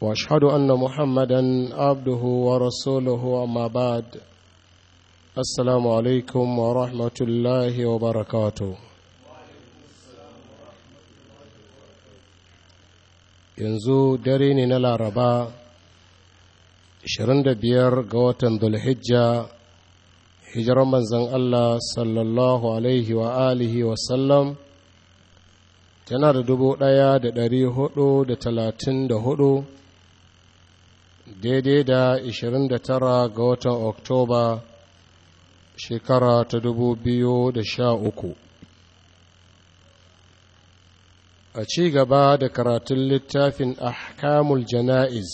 واشهد ان محمدا عبده ورسوله اما بعد السلام عليكم ورحمه الله وبركاته yanzu dare ne na laraba 25 ga watan dulhijja hijirar manzan allah sallallahu alaihi wa alihi wasallam tana da 1434 daidai da 29 ga watan oktoba shekara ta 2013 a ci gaba da karatun littafin ahkamul jana'iz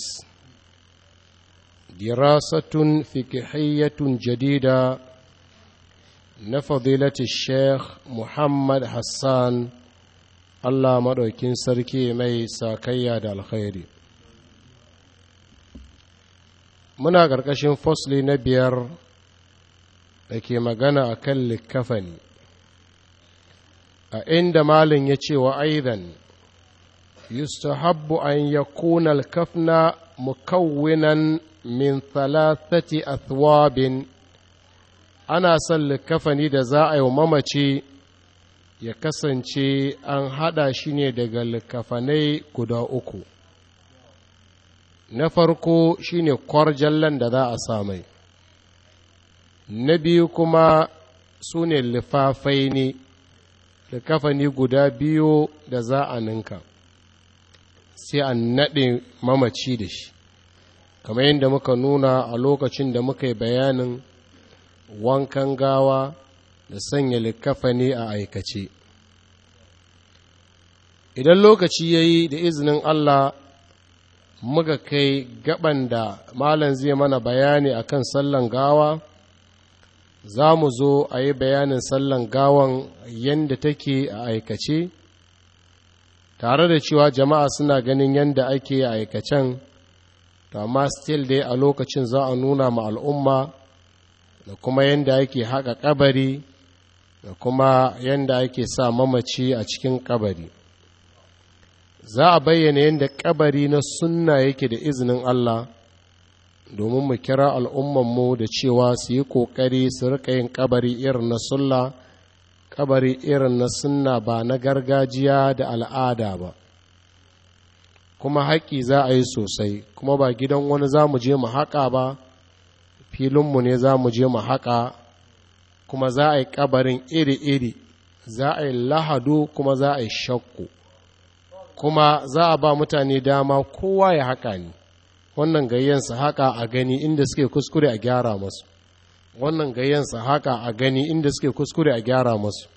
dirasatun fikihiyyatun jadida na fadilati sheikh muhammad hassan allah maɗaukin sarki mai sakayya da alkhairi muna ƙarƙashin fosli na biyar da ke magana a kan likafani a inda malin ya ce wa aidan yustahabbu an ya kuna alkafna mukawwinan min thalathati athwabin ana son likafani da za a yi wa mamaci ya kasance an haɗa shi ne daga likafanai guda uku na farko shine kwarjallan da za a sa mai na biyu kuma su ne lifafai ne da kafani guda biyu da za a ninka sai a naɗe mamaci da shi kamar yadda muka nuna a lokacin da muka yi bayanin wankan gawa da sanya likafani a aikace idan lokaci ya yi da izinin allah muka kai gaban da malam zai mana bayani a kan sallan gawa za mu zo a yi bayanin sallan gawan yadda take a aikace tare da cewa jama'a suna ganin yadda ake a aikacen amma still dai a lokacin za a nuna ma al'umma da kuma yadda ake haƙa kabari da kuma yadda ake sa mamaci a cikin kabari za a bayyana yadda kabari na sunna yake da izinin Allah domin mu kira al'ummanmu da cewa su yi ƙoƙari su rika yin kabari irin na sulla kabari irin na sunna ba na gargajiya da al'ada ba kuma haƙi za a yi sosai kuma ba gidan wani za mu je mu haƙa ba filinmu ne za mu je mu haƙa kuma za a yi kabarin iri-iri za a yi lahado kuma za a yi shakku kuma za a ba mutane dama kowa ya haƙa ni wannan gayyansa haƙa a gani inda suke kuskure a gyara masu wannan gayyansa haƙa a gani inda suke kuskure a gyara masu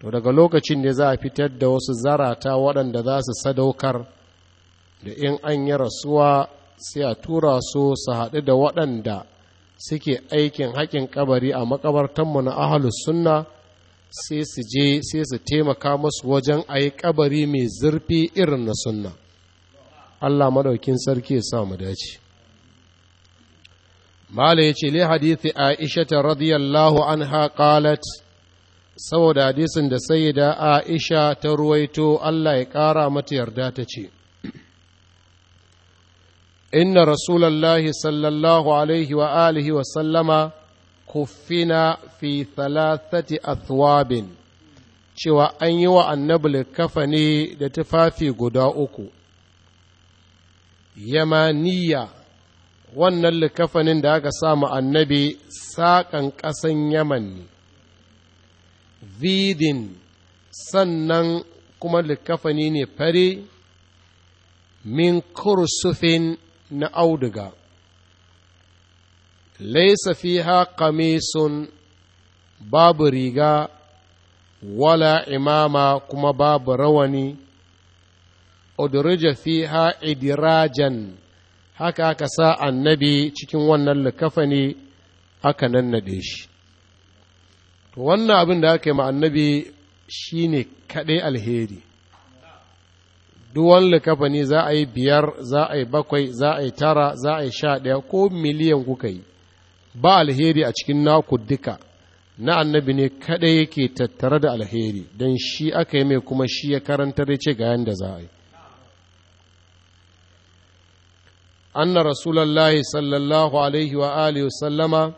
to daga lokacin da za a fitar da wasu zarata waɗanda za su sadaukar da in an yi rasuwa sai a tura su su haɗu da waɗanda suke aikin haƙin kabari a makabartanmu na ahalus sunna sai su je sai su taimaka masu wajen a yi kabari mai zurfi irin na sunna Allah maɗaukin sarki ya sa dace mala ya ce li hadithi aisha ta radiyallahu anha qalat saboda hadisin da sayyida aisha ta ruwaito Allah ya ƙara mata yarda ta ce inna rasulallah sallallahu alaihi wa alihi wa sallama kuffina fi thalathati athwabin cewa an yi wa annabi likafani da tufafi guda uku yamaniya wannan likafanin da aka samu annabi saƙan ƙasan yaman ne vidin sannan kuma likafani ne fari min kursufin na auduga laisa fiha qamisun babu riga wala imama kuma babu rawani udrija fiha idirajan haka aka sa annabi cikin wannan likafani aka nannade shi wannan abin da aka yi ma annabi shine kaɗai alheri duwan likafani za a yi biyar za a yi bakwai za a yi tara za a yi sha ɗaya ko miliyan kuka yi ba alheri a cikin naku duka na annabi ne kadai yake tattare da alheri don shi aka yi mai kuma shi ya karanta da ce ga yadda za a yi anna rasulallahi sallallahu alaihi wa alihi sallama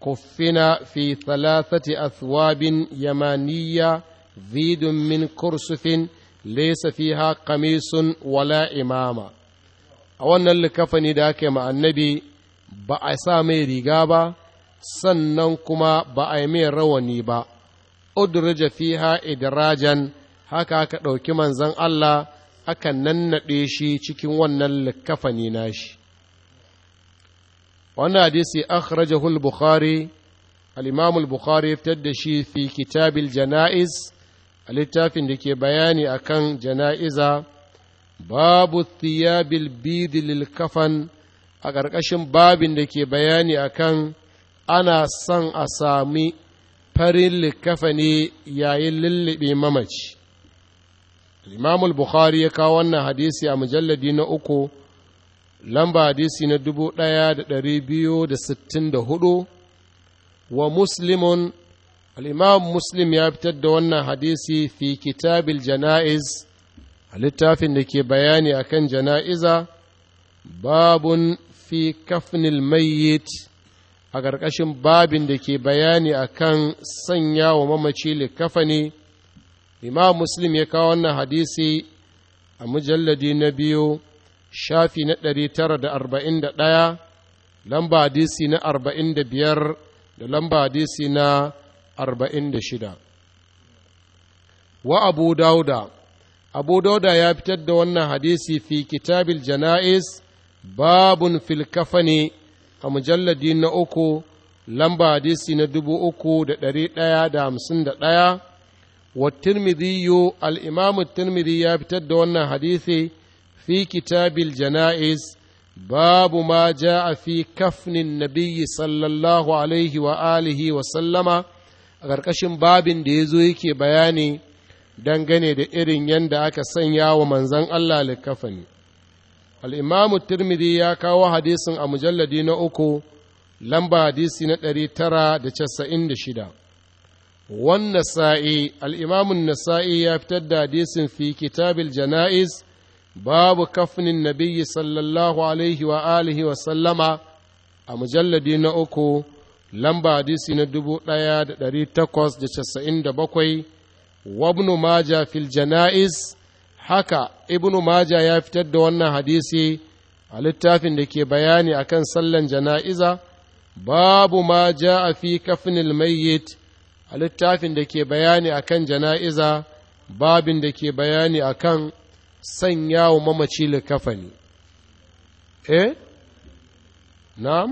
kuffina fi thalathati athwabin yamaniya zidun min kursufin laysa fiha qamisun wala imama a wannan likafani da aka yi ma annabi ba a sa mai riga ba sannan kuma ba a yi mai rawani ba udrija fiha idrajan haka aka ɗauki manzan Allah aka nannaɗe shi cikin wannan likafani nashi wannan hadisi akhrajahu al-bukhari al bukhari fitar da shi fi kitabil janaiz a littafin da ke bayani akan jana'iza babu thiyabil bid kafan a ƙarƙashin babin da ke bayani akan ana son a sami farin likafa ne yayin lullube mamaci imam bukhari ya kawo wannan hadisi a mujalladi na uku lamba hadisi na dubu ɗaya da ɗari biyu da sittin da hudu wa muslimun al'imam muslim ya fitar da wannan hadisi fi kitabil jana'iz a littafin da ke bayani akan jana'iza babun fi kafnil mayyit a ƙarƙashin babin da ke bayani a kan sanya wa mamaci likafa ne imam muslim ya kawo wannan hadisi a mujalladi na biyu shafi na ɗari tara da arba'in da ɗaya lamba hadisi na arba'in da biyar da lamba hadisi na arba'in da shida wa abu dauda abu dauda ya fitar da wannan hadisi fi kitabil jana'is babun ne. a mujalladi na uku lamba hadisi na dubu uku da ɗari ɗaya da hamsin da ɗaya wa tirmidhiyu al'imamu tirmidhi ya fitar da wannan hadisi fi kitabil jana'iz babu ma ja a fi kafnin nabiyyi sallallahu alaihi wa alihi wa sallama a ƙarƙashin babin da ya zo yake bayani dangane da irin yadda aka sanya wa manzan Allah likafani. al'imamu turmidi ya kawo hadisin a mujalladi na uku lamba hadisi na ɗari tara da casa'in da shida wan nasa'i al'imamun nasa'i ya fitar da hadisin fi kitabil jana'iz babu kafnin Nabiyyu sallallahu alaihi wa wa sallama a mujalladi na uku lamba hadisi na dubu ɗaya da ɗari takwas da casa'in da bakwai wabnu maja fil jana'iz haka ibnu maja ya fitar da wannan hadisi a littafin da ke bayani a kan sallan jana'iza babu ma ja a fi kafinil mayyit a littafin da ke bayani a kan jana'iza babin da ke bayani akan sanya wa mamaci kafani eh na'am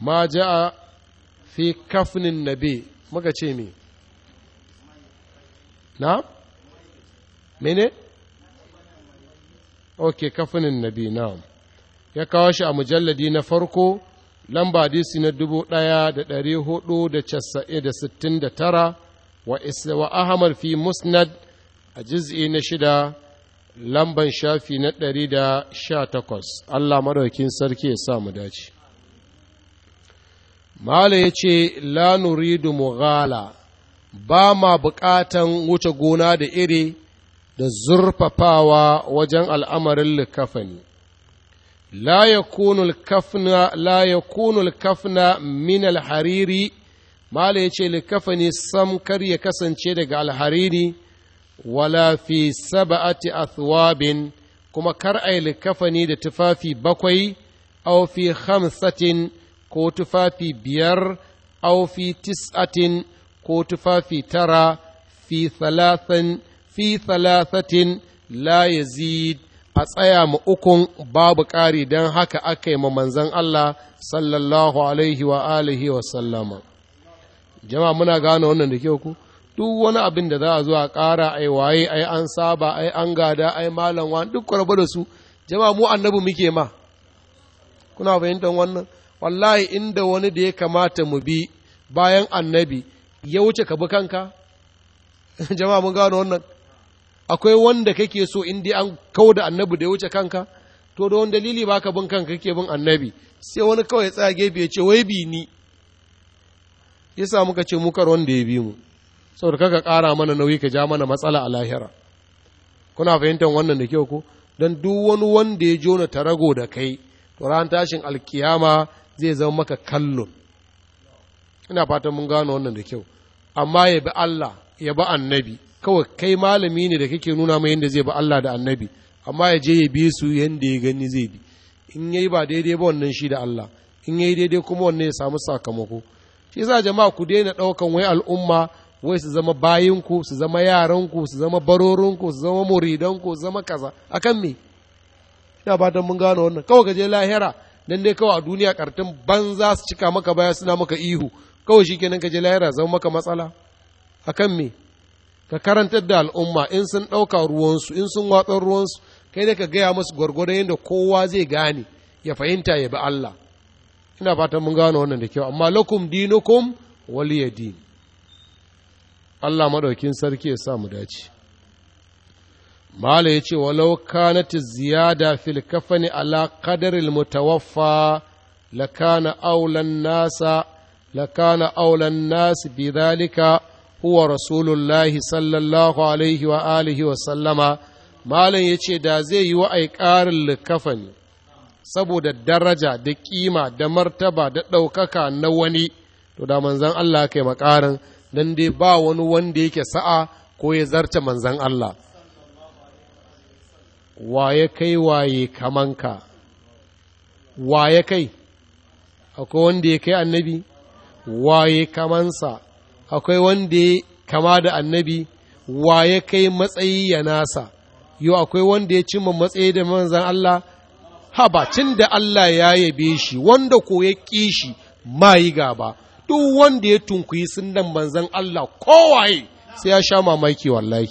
ma ja a fi kafinin nabi muka ce me na'am mene ok kafinin nabi na ya kawo shi a mujalladi na farko lamba hadisi na dubu ɗaya da ɗari hudu da casa'e da sittin da tara wa ahmad fi musnad a jiz'i na shida lamban shafi na ɗari da sha takwas allah maɗaukin sarki ya sa mu dace mala ya ce la mughala ba ma buƙatan wuce gona da iri da zurfafawa wajen al'amarin likafani. La ya kunul kafna min alhariri, Mala ya ce likafani sam kar ya kasance daga alhariri, wala fi saba'ati athwabin kuma kar a yi likafani da tufafi bakwai, au fi hamsatin ko tufafi biyar, au fi tis'atin ko tufafi tara, fi thalathan fi thalathatin la yazid a tsaya mu ukun babu ƙari don haka aka yi ma manzan Allah sallallahu alaihi wa alihi wa sallama jama'a muna gane wannan da kyau ku duk wani abin da za a zo a ƙara ai waye ai an saba ai an gada ai malam wani duk kwarba da su jama'a mu annabi muke ma kuna fahimtar wannan wallahi inda wani da ya kamata mu bi bayan annabi ya wuce ka bi kanka jama'a mun gano wannan akwai wanda kake so in dai an kau da annabi da ya wuce kanka to da wani dalili baka bin kanka kake bin annabi sai wani kawai tsaya gefe ya ce wai bi ni sa muka ce mukar wanda ya bi mu saboda kaka kara mana nauyi ka ja mana matsala a lahira kuna fahimtar wannan da kyau ko don duk wani wanda ya jona tarago da kai to ran tashin alkiyama zai zama maka kallon ina fatan mun gano wannan da kyau amma ya bi Allah ya bi annabi kawai kai malami ne da kake nuna mai yadda zai bi Allah da annabi amma ya je ya bi su yadda ya gani zai bi in yayi ba daidai ba wannan shi da Allah in yayi daidai kuma wannan ya samu sakamako shi yasa jama'a ku daina ɗaukan wai al'umma wai su zama bayinku su zama yaranku su zama barorinku su zama muridanku su zama kaza akan me ina fatan mun gano wannan kawai ka je lahira dan dai kawai a duniya kartin banza su cika maka baya suna maka ihu kawai shikenan ka je lahira zama maka matsala akan me ka karantar da al'umma in sun ɗauka ruwansu in sun watsar ruwansu kai dai ka gaya musu gwargwadon yadda kowa zai gane ya fahimta ya bi Allah ina fatan mun gano wannan da kyau amma lakum dinukum waliya din Allah madaukin sarki ya sa mu dace mala ya ce walau kanat ziyada fil kafani ala qadaril mutawaffa lakana aulan nasa lakana aulan nas bidhalika huwa rasulullahi sallallahu alaihi wa wa sallama malam ya ce da zai yi wa ƙarin likafani saboda daraja da ƙima da martaba da ɗaukaka na wani to da manzan Allah kai makarin dan dai ba wani wanda yake sa'a ko ya zarce manzan Allah waye kai waye kamanka waye kai akwai wanda ya kai annabi waye kamansa akwai wanda ya kama da annabi wa ya kai matsayi ya nasa yau akwai wanda ya cimma matsayi da manzan Allah Haba, da Allah ya yabe shi wanda ko ya ƙi shi ma yi gaba duk wanda ya tunkuyi sunnan manzan Allah kowaye sai ya sha mamaki wallahi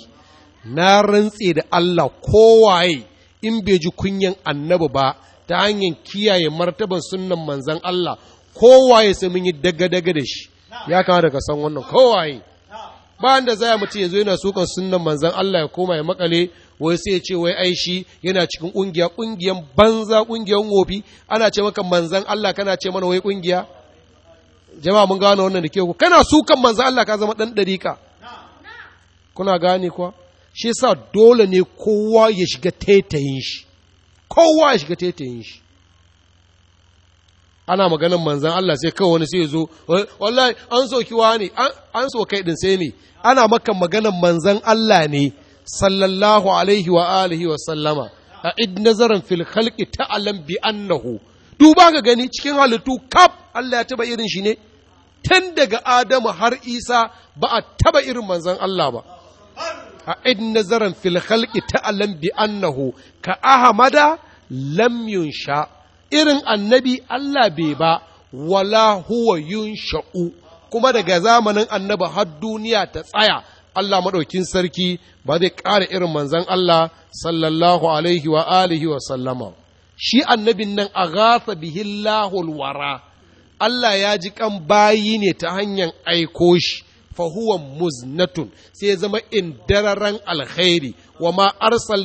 na rantse da Allah kowaye in bai ji kunyan annabi ba ta hanyar kiyaye martaban sunnan manzan Allah kowaye sai mun yi daga-daga da shi ya kama daga san wannan kowaye ba da zaya mutum ya zo yana sukan sunnan manzan Allah ya koma ya makale wai sai ya ce wai ai yana cikin kungiya kungiyan banza kungiyan wofi ana ce maka manzan Allah kana ce mana wai kungiya jama'a mun gano wannan da ke ku kana sukan manzan Allah ka zama dan dariƙa kuna gane kuwa shi yasa dole ne kowa ya shiga taitayin shi kowa ya shiga taitayin shi ana maganin manzan Allah sai kawai wani sai ya zo eh, wallahi an soki wani an so kai din sai ne. ana maka maganin manzan Allah ne sallallahu alaihi wa alihi wa sallama a id nazaran fil khalqi ta'lam bi annahu duba ga gani cikin halittu kaf Allah ya taba irin shi ne tun daga Adamu har Isa ba a taba irin manzan Allah ba a id nazaran fil khalqi ta'lam bi annahu ka ahmada lam yunsha' irin annabi Allah bai ba wala huwa sha’u, kuma daga zamanin annabi har duniya ta tsaya Allah maɗaukin sarki ba zai ƙara irin manzan Allah sallallahu alaihi wa alihi wa sallama shi annabin nan a gasa bihin wara Allah ya ji kan bayi ne ta hanyar aiko shi fa huwa muznatun sai ya zama indararan alkhairi wa ma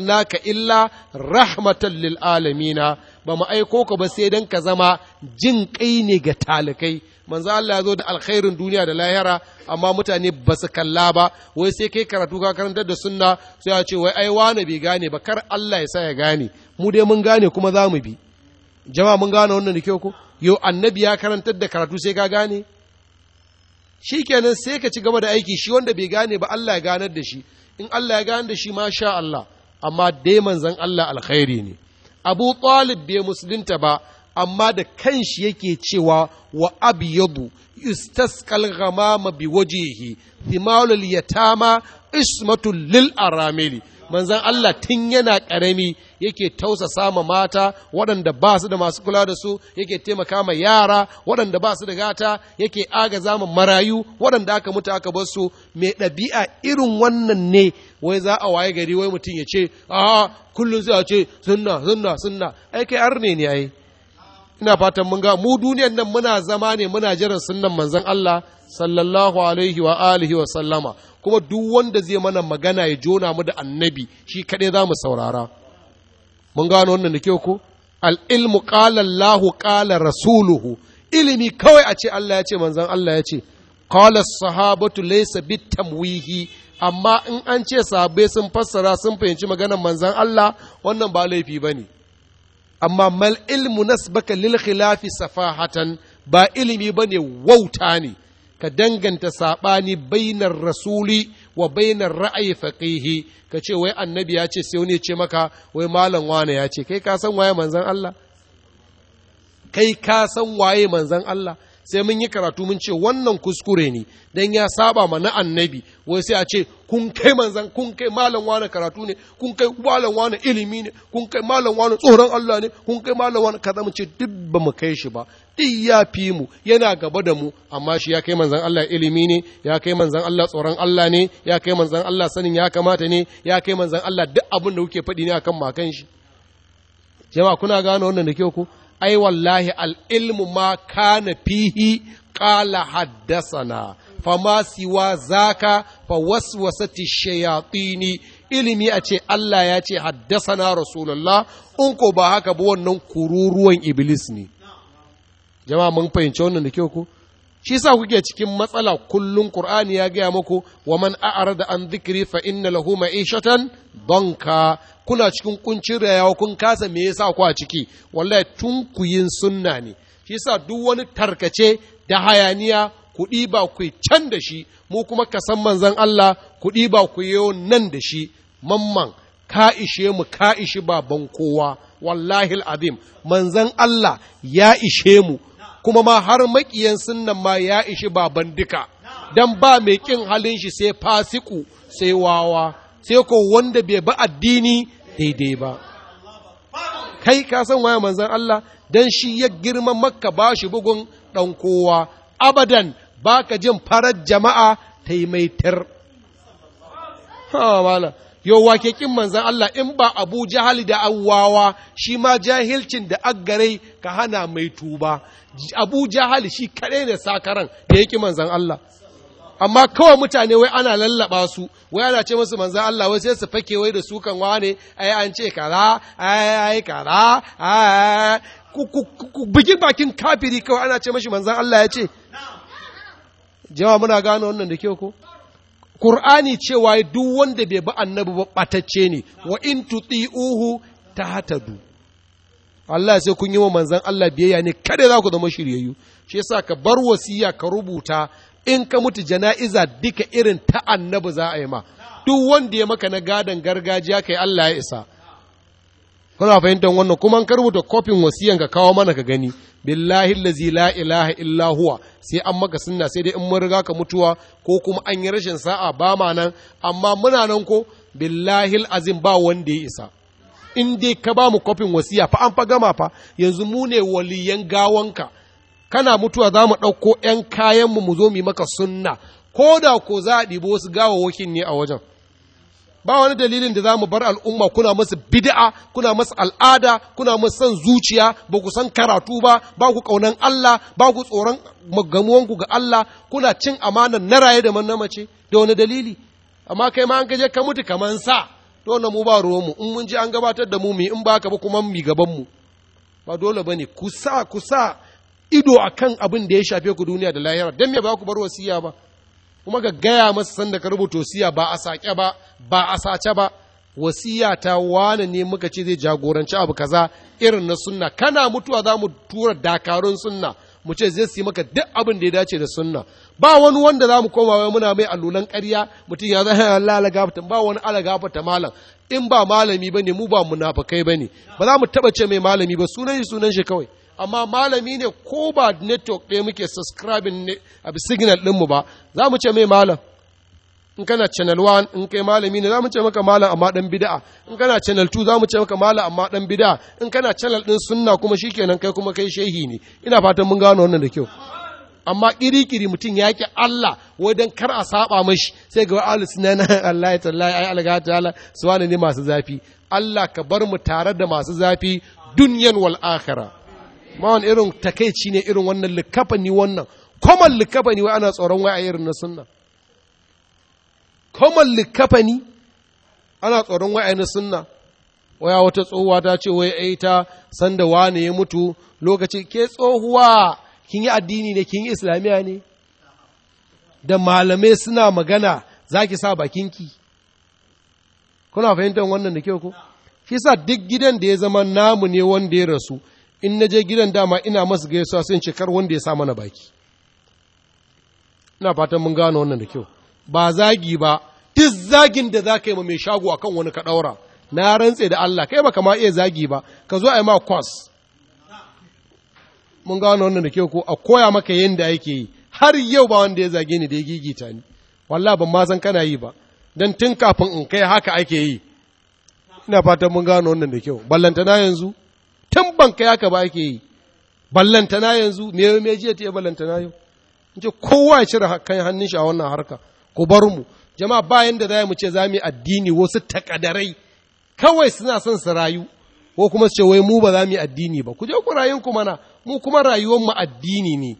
naka illa rahmatan lil alamina ba mu aiko ka ba sai dan ka zama jin kai ne ga talikai manzo Allah ya zo da alkhairin duniya da lahira amma mutane ba su kalla ba wai sai kai karatu ka karantar da sunna sai ya ce wai ai wani bai gane ba kar Allah ya sa ya gane mu dai mun gane kuma za bi jama'a mun gane wannan da kyau ko yau annabi ya karantar da karatu sai ka gane shi kenan sai ka ci gaba da aiki shi wanda bai gane ba Allah ya ganar da shi in Allah ya ganar da shi ma sha Allah amma dai manzan Allah alkhairi ne Abu Talib bai musulunta ba amma da kanshi yake cewa wa abyadu yustaskal ghamama biwajhihi thimalul yatama ismatul lil aramili manzan Allah tun yana ƙarami yake tausa sama mata waɗanda ba su da masu kula da su yake taimaka ma yara waɗanda ba su da gata yake aga ma marayu waɗanda aka mutu aka bar su mai ɗabi'a irin wannan ne wai za a waye gari wai mutum ya ce a kullum sai a ce sunna sunna sunna ai arne ne ai ina fatan mun ga mu duniyan nan muna zama ne muna jiran sunnan manzon Allah sallallahu alaihi wa alihi wa sallama kuma duk wanda zai mana magana ya jona mu da annabi shi kaɗai zamu saurara mun gano wannan da kyau ko al-ilmu qala Allah qala rasuluhu ilimi kawai a ce Allah ya ce manzon Allah ya ce qala sahabatu laysa bitamwihi amma in an ce sahabbai sun fassara sun fahimci maganar manzon Allah wannan ba laifi bane amma mal ilmu nasbaka lil khilafi safahatan ba ilimi bane wauta ne ka danganta saɓani bainar rasuli wa bainar ra'ayi faƙihi ka ce wai annabi ya ce sai wani ce maka wai malam wane ya ce kai ka san waye manzon Allah kai ka san waye manzon Allah sai mun yi karatu mun ce wannan kuskure ne don ya saba ma na annabi wai sai a ce kun kai manzan kun kai malam wani karatu ne kun kai malam wani ilimi ne kun kai malam wani tsoron Allah ne kun kai malam wani kaza mun ce duk ba mu kai shi ba duk ya fi mu yana gaba da mu amma shi ya kai manzan Allah ilimi ne ya kai manzan Allah tsoron Allah ne ya kai manzan Allah sanin ya kamata ne ya kai manzan Allah duk abin da kuke faɗi ne akan makan shi jama'a kuna gane wannan da ke ku? ai wallahi al'ilmu ma kana fihi ƙala haddasana ma siwa zaka fa waswasati shayatini ilimi a ce Allah ya ce haddasana rasulullah in ko ba haka ba wannan kururuwan iblis ne jama'a mun fahimci wannan da kyau ko shi sa kuke cikin matsala kullum Qur'ani ya gaya muku wa man a'rada an zikiri fa inna lahu ma'ishatan danka kuna cikin kuncin rayawa kun kasa me yasa ku a ciki wallahi tun ku yin sunna ne shi yasa duk wani tarkace da hayaniya ku ɗiba ku can da shi mu kuma ka san manzon Allah ku ɗiba ku yi nan da shi mamman ka ishe mu ka ishi baban kowa wallahi azim manzon Allah ya ishe mu kuma ma har makiyan sunnan ma ya ishi baban duka dan ba mai kin halin shi sai fasiku sai wawa sai ko wanda bai bi addini daidai ba kai ka san waya manzan Allah don shi ya girma makka ba shi bugun ɗan kowa abadan ba ka jin farar jama'a ta yi mai tir yau wake kin manzan Allah in ba abu jahali da awwawa shi ma jahilcin da agare ka hana mai tuba abu jahali shi kaɗai ne sakaran da yake manzan Allah amma kawai mutane wai ana lallaba su wai ana ce musu manzan Allah wai sai su fake wai da su kan wane ai an ce kaza ai kaza bakin kafiri kawai ana ce mashi manzan Allah ya ce jawa muna gano wannan da kyau ko Qur'ani cewa duk wanda bai ba annabi ba batacce ne wa in tuti'uhu tahtadu Allah sai kun yi wa manzan Allah biyayya ne kada za ku zama shiryayyu shi yasa ka bar wasiya ka rubuta in ka mutu jana'iza duka irin ta annabi za a yi ma duk wanda ya maka na gadon gargajiya kai Allah ya isa kuna fahimtar wannan kuma ka rubuta kofin wasiyan ka kawo mana ka gani billahi lazi la ilaha illa huwa sai an maka sunna sai dai in mun riga ka mutuwa ko kuma an yi rashin sa'a ba ma nan amma muna nan ko billahi azim ba wanda ya isa in dai ka ba mu kofin wasiya fa an fa gama fa yanzu mu ne waliyan gawanka kana mutuwa za mu ɗauko ‘yan kayanmu mu zo mu maka sunna ko da ko za a ɗibo wasu gawawakin ne a wajen ba wani dalilin da za mu bar al'umma kuna masu bid'a kuna masu al'ada kuna masu san zuciya ba ku san karatu ba ba ku ƙaunan Allah ba ku tsoron magamuwanku ga Allah kuna cin amanar na raye da man mace da wani dalili amma kai ma an gaje ka mutu kaman sa to na mu ba ruwanmu in mun ji an gabatar da mu mu in ba ka ba kuma mu gaban mu ba dole bane ku sa ku ido a kan abin da ya shafe ku duniya da lahira don me ba ku bar wasiya ba kuma ga gaya masa sanda ka rubuta wasiya ba a saƙe ba ba a sace ba wasiya ta wane ne muka ce zai jagoranci abu kaza irin na sunna kana mutuwa za mu tura dakarun sunna mu ce zai su maka duk abin da ya dace da sunna ba wani wanda za mu koma wai muna mai allulan ƙarya mutum ya zai Allah alagafata ba wani alagafata malam in ba malami ba ne, mu ba munafakai ba ne. ba za mu taba ce mai malami ba sunan shi sunan shi kawai amma malami ne ko ba network ɗaya muke subscribing ne a signal ɗinmu ba za mu ce mai malam in kana channel 1 in kai malami ne za mu ce maka malam amma ɗan bida'a in kana channel 2 za mu ce maka malam amma ɗan bida'a in kana channel ɗin sunna kuma shikenan kai kuma kai shehi ne ina fatan mun gano wannan da kyau amma kirikiri mutum ya ki Allah wajen kar a saba mashi sai ga wa'alu suna na Allah ya tallaye ai alga ta'ala su ne masu zafi Allah ka bar mu tare da masu zafi dunyan wal akhirah ma wani irin takaici ne irin wannan likafa ni wannan common likafa ni wai ana tsoron wai a irin na sunna common likafa ni ana tsoron wai a na sunna waya wata tsohuwa ta ce wai ai ta wa ne ya mutu lokaci ke tsohuwa kin yi addini ne kin yi islamiya ne da malamai suna magana za ki sa bakinki kuna fahimtar wannan da kyau ko shi sa duk gidan da ya zama namu ne wanda ya rasu in na je gidan dama ina masu gaisuwa sai ce kar wanda ya sa mana baki ina fatan mun gano wannan da kyau ba zagi ba duk zagin da za ka yi ma mai shago akan wani ka ɗaura na rantse da Allah kai ba kama iya zagi ba ka zo a yi ma kwas mun gano wannan da kyau ko a koya maka yadda yake yi har yau ba wanda ya zage ni da ya gigita ni wallah ban ma san kana yi ba dan tun kafin in kai haka ake yi ina fatan mun gano wannan da kyau ballantana yanzu tun banka ya ka ba ke yi ballantana yanzu me me jiya ta ballantana yau in ce kowa ya cire kan hannun shi a wannan harka ku bar mu jama'a bayan da za mu ce za mu yi addini wasu takadarai kawai suna son su rayu ko kuma su ce wai mu ba za mu yi addini ba ku je ku rayu ku mana mu kuma rayuwar mu addini ne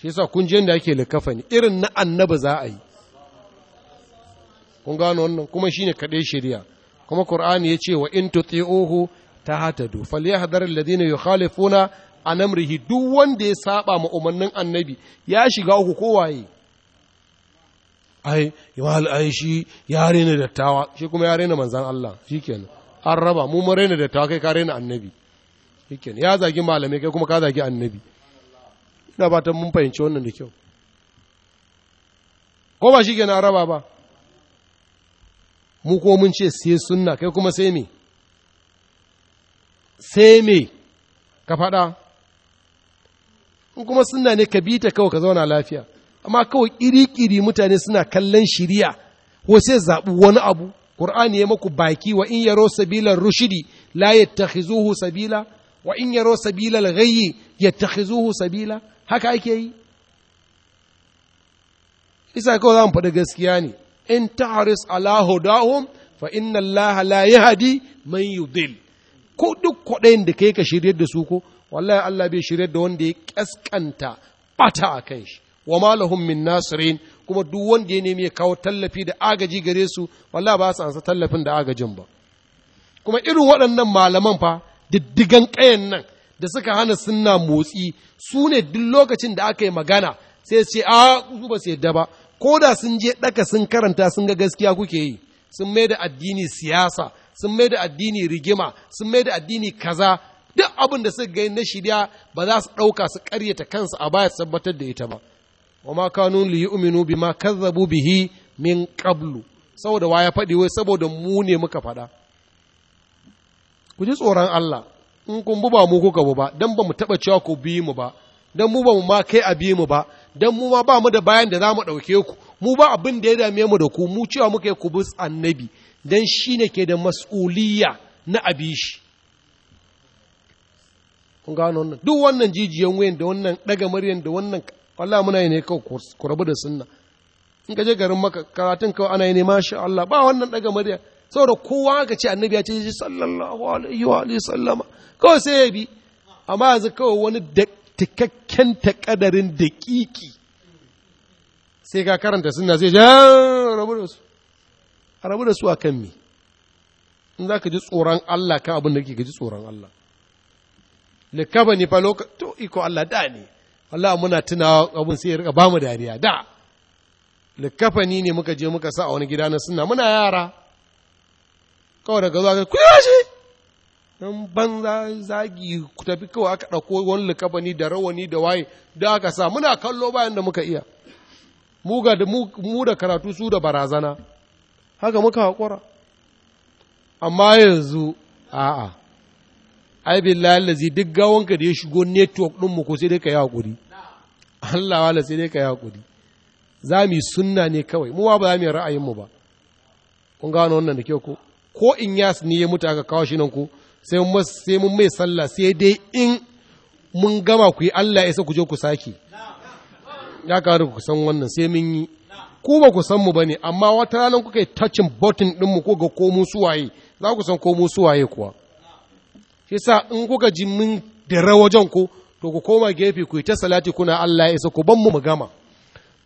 shi yasa kun je da ake likafa ne irin na annabi za a yi kun gano wannan kuma shine kaɗai shari'a kuma qur'ani ya ce wa in tuti'uhu Ta tahtadu falyahdhar alladhina yukhalifuna an amrihi duk wanda ya saba ma umannin annabi ya shiga uku kowaye ai yawal aishi ya rena dattawa shi kuma ya rena manzan Allah shikenan an raba mu mun rena dattawa kai ka rena annabi shikenan ya zagi malamai kai kuma ka zagi annabi ina fatan mun fahimci wannan da kyau ko ba shikenan an raba ba mu ko mun ce sai sunna kai kuma sai me sai me ka faɗa in kuma suna ne ka bi ta kawai ka zauna lafiya amma kawai ƙiri-ƙiri mutane suna kallon shiriya ko sai zaɓi wani abu ƙur'ani ya maku baki wa in yaro sabilar rushidi la ya yattakhizuhu sabila wa in yaro ya ghayyi yattakhizuhu sabila haka ake yi isa kawai za mu faɗi gaskiya ne in ta'aris ala hudahum fa inna allaha la yahdi man yudil ko duk kwaɗayin da kai ka shiryar da su ko wallahi Allah bai shirya da wanda ya ƙasƙanta ɓata a kan shi wa ma min nasirin kuma duk wanda ya nemi ya kawo tallafi da agaji gare su wallahi ba su ansa tallafin da agajin ba kuma irin waɗannan malaman fa diddigan ƙayan nan da suka hana sunna motsi su ne duk lokacin da aka yi magana sai ce a su ba su yadda ba ko da sun je ɗaka sun karanta sun ga gaskiya kuke yi sun mai da addini siyasa sun mai da addini rigima sun mai da addini kaza duk abin da suka gani na shirya ba za su ɗauka su karyata kansu a baya tabbatar da ita ba wa ma kanu li yu'minu bima kazzabu bihi min qablu saboda wa ya faɗi wai saboda mu ne muka faɗa ku ji tsoron Allah in kun bu ba mu kuka bu ba dan ba mu taɓa cewa ku bi mu ba dan mu ba mu ma kai a bi mu ba dan mu ma ba mu da bayan da za mu ɗauke ku mu ba abin da ya dame mu da ku mu cewa muka yi ku bi annabi don shi ne ke da mas'uliya na abishi kun gano wannan duk wannan jijiyan wayan da wannan daga maryan da wannan Allah muna yi ne kawai ku rabu da sunna in ka je garin maka karatun kawai ana yi ne masha Allah ba wannan daga murya saboda kowa ka ce annabi ya ce sallallahu alaihi wa alihi sallama kawai sai ya bi amma yanzu kawai wani da tikakken takadarin daƙiƙi sai ka karanta sunna sai ja ah, rabu da su a rabu da su a kan mi in za ka ji tsoron Allah kan abin da ke ji tsoron Allah likaba ba fa lokaci to iko Allah da ne Allah muna tunawa abin sai ya rika ba mu dariya da ni ne muka je muka sa a wani gida na suna muna yara kawai daga zuwa ku shi dan banza zagi ku tafi kawai aka ɗauko wani likafani da rawani da waye da aka sa muna kallo bayan da muka iya mu da karatu su da barazana haka muka haƙura amma yanzu a'a ai billahi lazi duk gawanka da ya shigo network ɗin mu ko sai dai ka yi haƙuri Allah wala sai dai ka yi haƙuri za mu yi sunna ne kawai mu ba za mu yi ra'ayin mu ba kun gano wannan da kyau ko ko in yas ne ya mutu aka kawo shi nan ko sai mun sai mai sallah sai dai in mun gama ku yi Allah ya sa ku je ku sake ya kawo ku san wannan sai mun yi ku ba ku san mu bane amma wata ranar kuka yi touching button din mu ko ga ko mu suwaye za ku san ko mu suwaye kuwa shi yasa in kuka ji min da rawajen ku to ku koma gefe ku yi ta salati kuna Allah ya isa ku ban mu mu gama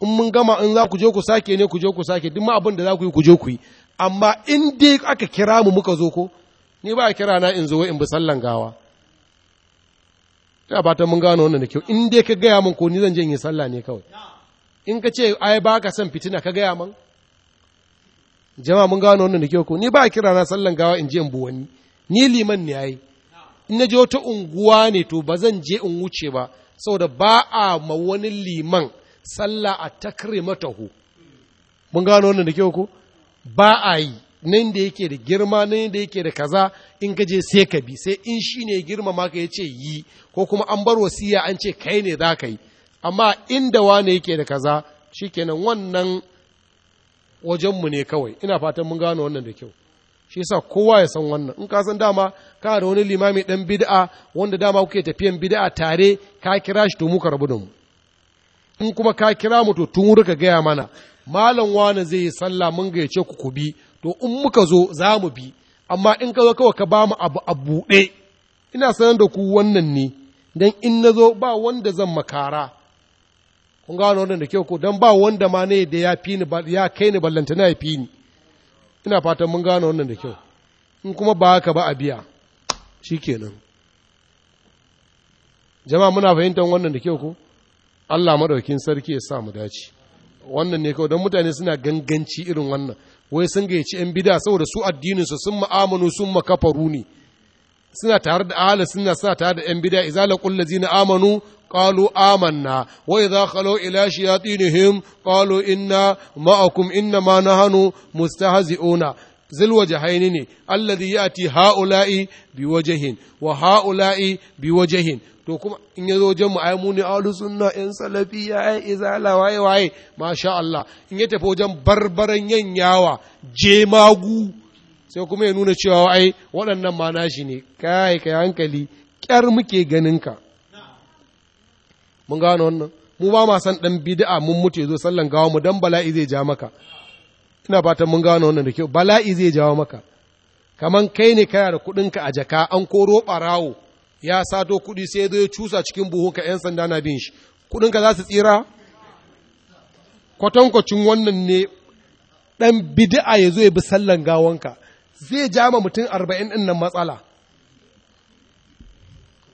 in mun gama in za ku je ku sake ne ku je ku sake duk ma abin da za ku yi ku je ku yi amma in dai aka kira mu muka zo ko ni ba a kira na in zo in bi sallan gawa ina fatan mun gano wannan da kyau in dai ka gaya min ko ni zan je in yi sallah ne kawai in ka ce ai ba ka son fitina ka gaya man jama'a mun gano wannan da kyau ko ni ba kira na sallan gawa in je in buwani ni liman ne yayi in na je wata unguwa ne to ba zan je in wuce ba saboda ba a ma wani liman salla a takrimatahu mun gano wannan da kyau ko ba a yi nan da yake da girma nan da yake da kaza in ka je sai ka bi sai in shi ne girma ma ka ya yi ko kuma an bar wasiya an ce kai ne za ka yi amma inda wane yake da kaza shikenan wannan wajenmu ne kawai ina fatan mun gano wannan da kyau shi yasa kowa ya san wannan in ka san dama ka da wani limami dan bid'a wanda dama kuke tafiyan bid'a tare ka kira shi to mu karbu da mu in kuma ka kira mu to tun ka gaya mana malam wane zai yi sallah mun gayyace ku ku bi to in muka zo za mu bi amma in ka zo kawai ka ba mu abu a buɗe ina sanar da ku wannan ne dan in na zo ba wanda zan makara kun gano wannan da kyau ko dan ba wanda ma ne da ya fi ni ya kai ni ballanta na ya fi ni ina fatan mun gano wannan da kyau in kuma ba haka ba a biya shikenan jama'a muna fahimtar wannan da kyau ko Allah madaukin sarki ya sa mu dace wannan ne kawai don mutane suna ganganci irin wannan wai sun gayyaci 'yan bida saboda su addininsu sun ma'amunu sun makafaru ne suna tare da ahli sunna suna tare da yan bid'a idza laqul ladzina amanu qalu amanna wa idza khalu ila shayatinihim qalu inna ma'akum inna ma nahnu mustahzi'una zil wajhaini ne alladhi yati haula'i biwajhin wa haula'i biwajhin to kuma in ya zo wajen mu ai mu ne ahlu sunna yan salafiya ai izala waye waye masha Allah in ya tafi wajen barbaran yanyawa jemagu sai kuma ya nuna cewa ai waɗannan ma nashi ne kai kai hankali kyar muke ganin ka mun gano wannan mu ba ma san dan bid'a mun mutu zo sallan gawa mu dan bala'i zai ja maka ina fatan mun gano wannan da kyau bala'i zai jawo maka kaman kai ne kaya da kuɗin ka a jaka an koro barawo ya sato kuɗi sai zai cusa cikin buhunka yan sanda na bin shi kuɗin ka za su tsira kwatankwacin wannan ne dan bid'a zo ya bi sallan gawanka zai ja ma mutum arba'in ɗin nan matsala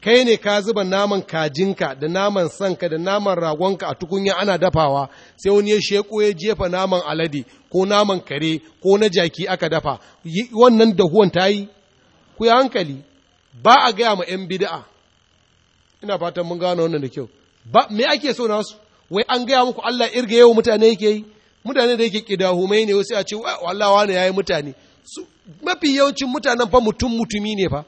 kai ne ka zuba naman kajinka da naman sanka da naman ragonka a tukunya ana dafawa sai wani ya sheko ya jefa naman alade ko naman kare ko na jaki aka dafa wannan dahuwan ta yi ku yi hankali ba a gaya ma 'yan bida'a ina fatan mun gano wannan da kyau ba me ake so nasu wai an gaya muku Allah irga yau mutane yake yi mutane da yake kidahumai ne wasu a ce ne ya yi mutane mafi yawancin mutanen fa mutum mutumi ne fa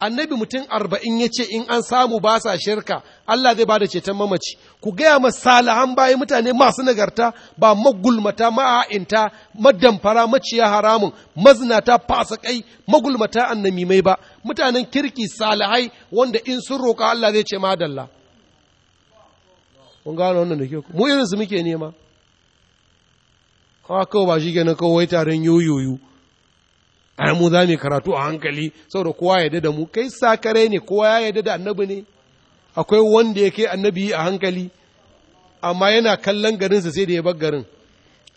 annabi mutum arba'in ya ce in an samu ba sa shirka Allah zai bada ceton mamaci ku gaya ma salahan bayi mutane masu nagarta ba magulmata ma'a'inta madamfara maciya haramun mazinata fasakai magulmata annamimai ba mutanen kirki salahai wanda in sun roƙa Allah zai ce madalla kun wannan da ke mu irinsu muke nema kawai ba shi kenan kawai taron yoyoyo ai mu za mu karatu a hankali saboda kowa ya da mu kai sa sakare ne kowa ya yarda da annabi ne akwai wanda ya kai annabi a hankali amma yana kallon garinsa sai da ya bar garin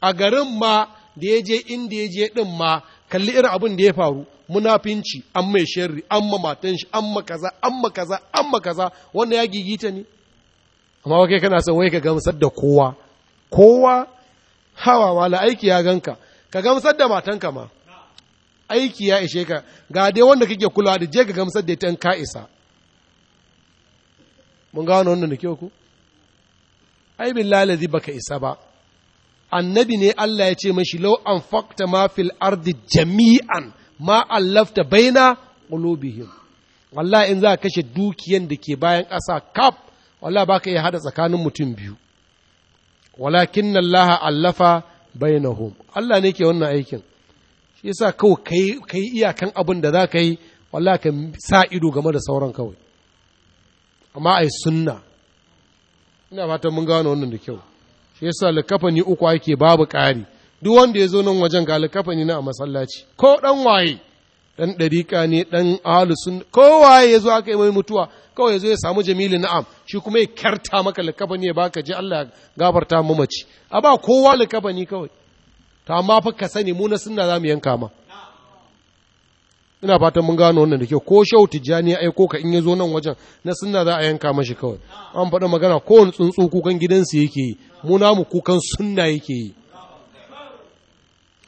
a garin ma da ya je inda ya je din ma kalli irin abin da ya faru munafinci an mai sharri an ma matan shi an ma kaza an ma kaza an ma kaza wannan ya gigita ne amma wake kana son wai ka gamsar da kowa kowa hawa ma aiki ya ganka ka gamsar da matanka ma aiki ya ishe ka ga dai wanda kake kulawa da je ka gamsar da ita ka isa mun gano wannan na kyau ku ai ba baka isa ba annabi ne Allah ya ce mashi lau an fakta ma fil ardi jami'an ma allafta baina qulubihim wallahi in za ka kashe dukiyan da ke bayan kasa kaf wallahi baka iya hada tsakanin mutum biyu walakin Allah allafa bainahum Allah ne ke wannan aikin shi yasa kawai ka yi iyakan abin da za ka yi wala ka sa ido game da sauran kawai amma ai sunna ina fatan mun gano wannan da kyau shi yasa likafani uku ake babu ƙari duk wanda ya zo nan wajen ga likafani na a masallaci ko dan waye dan dariƙa ne dan ahlusun ko waye ya zo aka yi mai mutuwa kawai ya zo ya samu jamilu na'am shi kuma ya kyarta maka likafani ya baka ji Allah gafarta mamaci a ba kowa likafani kawai ta amma fa ka sani mu na sunna za mu yanka ma ina fatan mun gano wannan da kyau ko shau tijjani ya aiko ka in ya zo nan wajen na sunna za a yanka mashi kawai an faɗa magana kowane tsuntsu kukan gidansu yake yi mu namu kukan sunna yake yi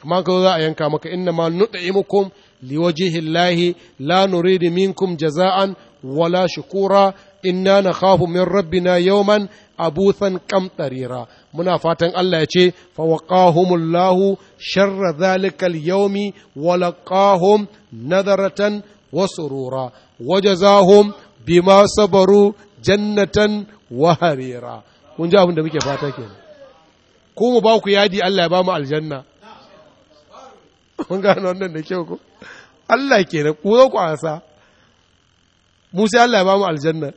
amma ka za a yanka maka inna ma nuɗa imukum liwajihi lahi la nuridu minkum jaza'an wala shukura inna nakhafu min rabbina yawman abuthan qamtarira muna fatan Allah ya ce fawaqahumullahu sharra zalikal yaumi wa laqahum nadaratan wa surura wajazahum bima sabaru jannatan wa harira kun ji abin da muke fata kenan ko mu ba ku yadi Allah ya ba mu aljanna mun gano wannan da kyau ko Allah ke kenan ku zo ku asa Musa Allah ya ba mu aljanna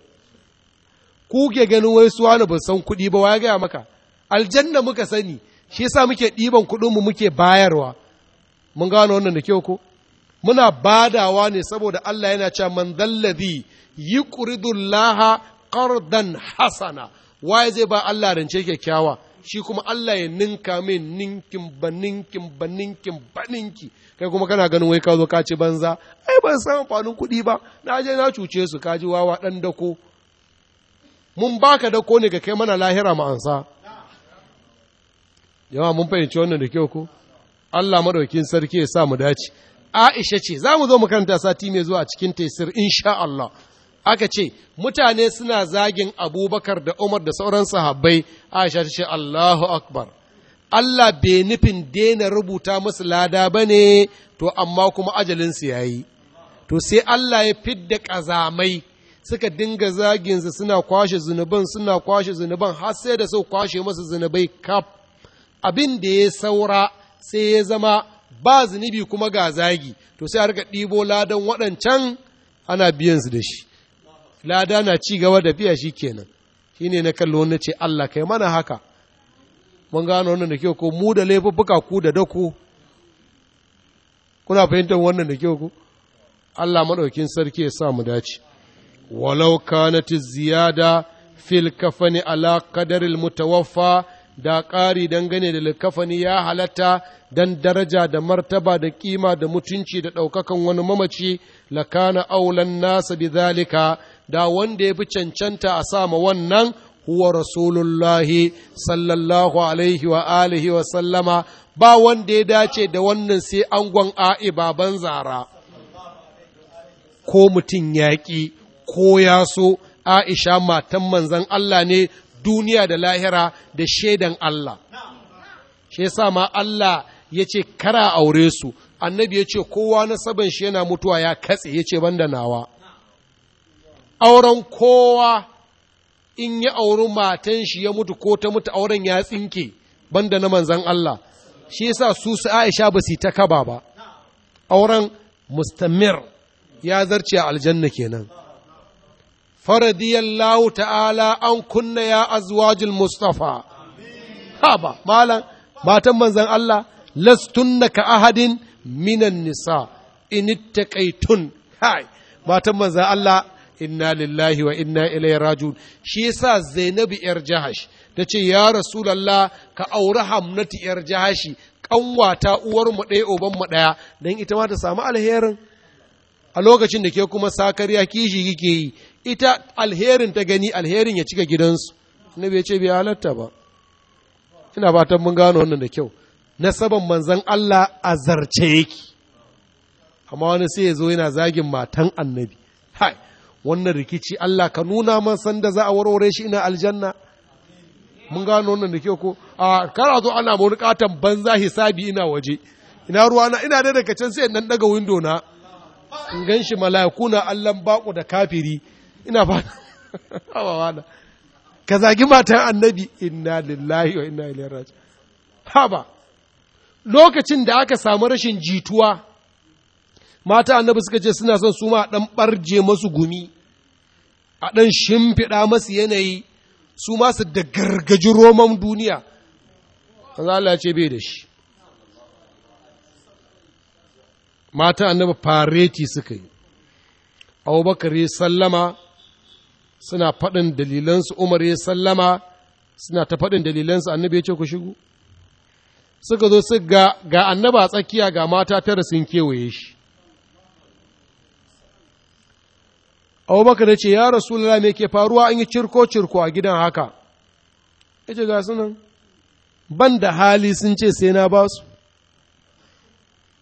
ku ke ganin wai suwa na ban san kuɗi ba wa ya gaya maka aljanna muka sani shi yasa muke ɗiban mu muke bayarwa mun gano wannan da kyau ko muna badawa ne saboda Allah yana cewa man zalladhi yuqridullaha qardan hasana waye zai ba Allah rance kyakkyawa shi kuma Allah ya ninka min ninkin ba ninkin ba kai kuma kana ganin wai ka zo ka ci banza ai ban san amfanin kuɗi ba na je na cuce su ka ji wawa ɗan dako mun baka dako ne ga kai mana lahira mu ansa yawa mun fahimci wannan da kyau ko Allah madaukin sarki ya sa mu dace Aisha ce za mu zo mu karanta sati mai zuwa cikin taisir insha Allah aka ce mutane suna zagin Abubakar da Umar da sauran sahabbai Aisha ta ce Allahu akbar Allah bai nufin daina rubuta musu lada ba ne. to amma kuma ajalinsu yayi to sai Allah ya fidda ƙazamai suka dinga zaginsa suna kwashe zunuban suna kwashe zunuban har sai da sau kwashe masu zunubai kaf abin da ya saura sai ya zama ba zunubi kuma ga zagi to sai a rika ɗibo ladan waɗancan ana biyan su da shi lada na ci gaba da biya shi kenan shine na kallo na ce Allah kai mana haka mun gano wannan da kyau ko mu da laifuffuka ku da dako kuna fahimtar wannan da kyau ko Allah maɗaukin sarki ya sa mu dace walau kanat ziyada fil kafani ala qadaril mutawaffa da ƙari dangane da likafani ya halatta don daraja da martaba da ƙima da mutunci da ɗaukakan wani mamaci lakana aulan nasa bi zalika da wanda ya fi cancanta a sama wannan huwa rasulullahi sallallahu alaihi wa alihi wa sallama ba wanda ya dace da wannan sai angon a'i baban zara ko mutum yaƙi ko ya so Aisha matan manzan Allah ne duniya da lahira da shaidan Allah shi yasa ma Allah ya ce kara aure su annabi ya ce kowa na saban shi yana mutuwa ya katse ya ce banda nawa auren kowa in ya auri matan shi ya mutu ko ta mutu auren ya tsinke banda na manzan Allah shi yasa su su Aisha ba su ta kaba ba auren mustamir ya zarce a aljanna kenan faradiyallahu ta'ala an kunna ya azwajul mustafa haba malam matan manzan Allah lastunna ka ahadin minan nisa in ittaqaitun hai matan manzan Allah inna lillahi wa inna shi yasa Zainabu yar Jahash tace ya rasu lalla ka auri Hamnatu yar Jahashi kanwata uwar mu ɗaya oban mu ɗaya dan ita ma ta samu alherin a lokacin da ke kuma sakariya kishi kike yi ita alherin ta gani alherin ya cika gidansu na bai ce bai halatta ba ina fatan mun gano wannan da kyau Na nasaban manzan Allah a zarce yake amma wani sai ya zo yana zagin matan annabi hai wannan rikici Allah ka nuna man san za a warware shi ina aljanna mun gano wannan da kyau ko a kara zo ana wani katon banza hisabi ina waje ina ruwa na ina da daga can sai nan daga window na in gan shi mala'iku na da kafiri ina fata hawa ka zagi matan annabi inna lillahi wa inna ilaihi raji haba lokacin da aka samu rashin jituwa mata annabi suka ce suna son su ma dan barje masu gumi a dan shimfiɗa masu yanayi su ma su da gargaji roman duniya Allah ce bai da shi mata annabi fareti suka yi abubakar sallama suna faɗin dalilansu Umar ya sallama suna ta faɗin dalilansu annabi ya ce ku shigo suka zo su ga ga annaba tsakiya ga mata tara sun kewaye shi abubakar ya ce ya rasulullah me ke faruwa an yi cirko cirko a gidan haka ya ce ga sunan ban da hali sun ce sai na ba su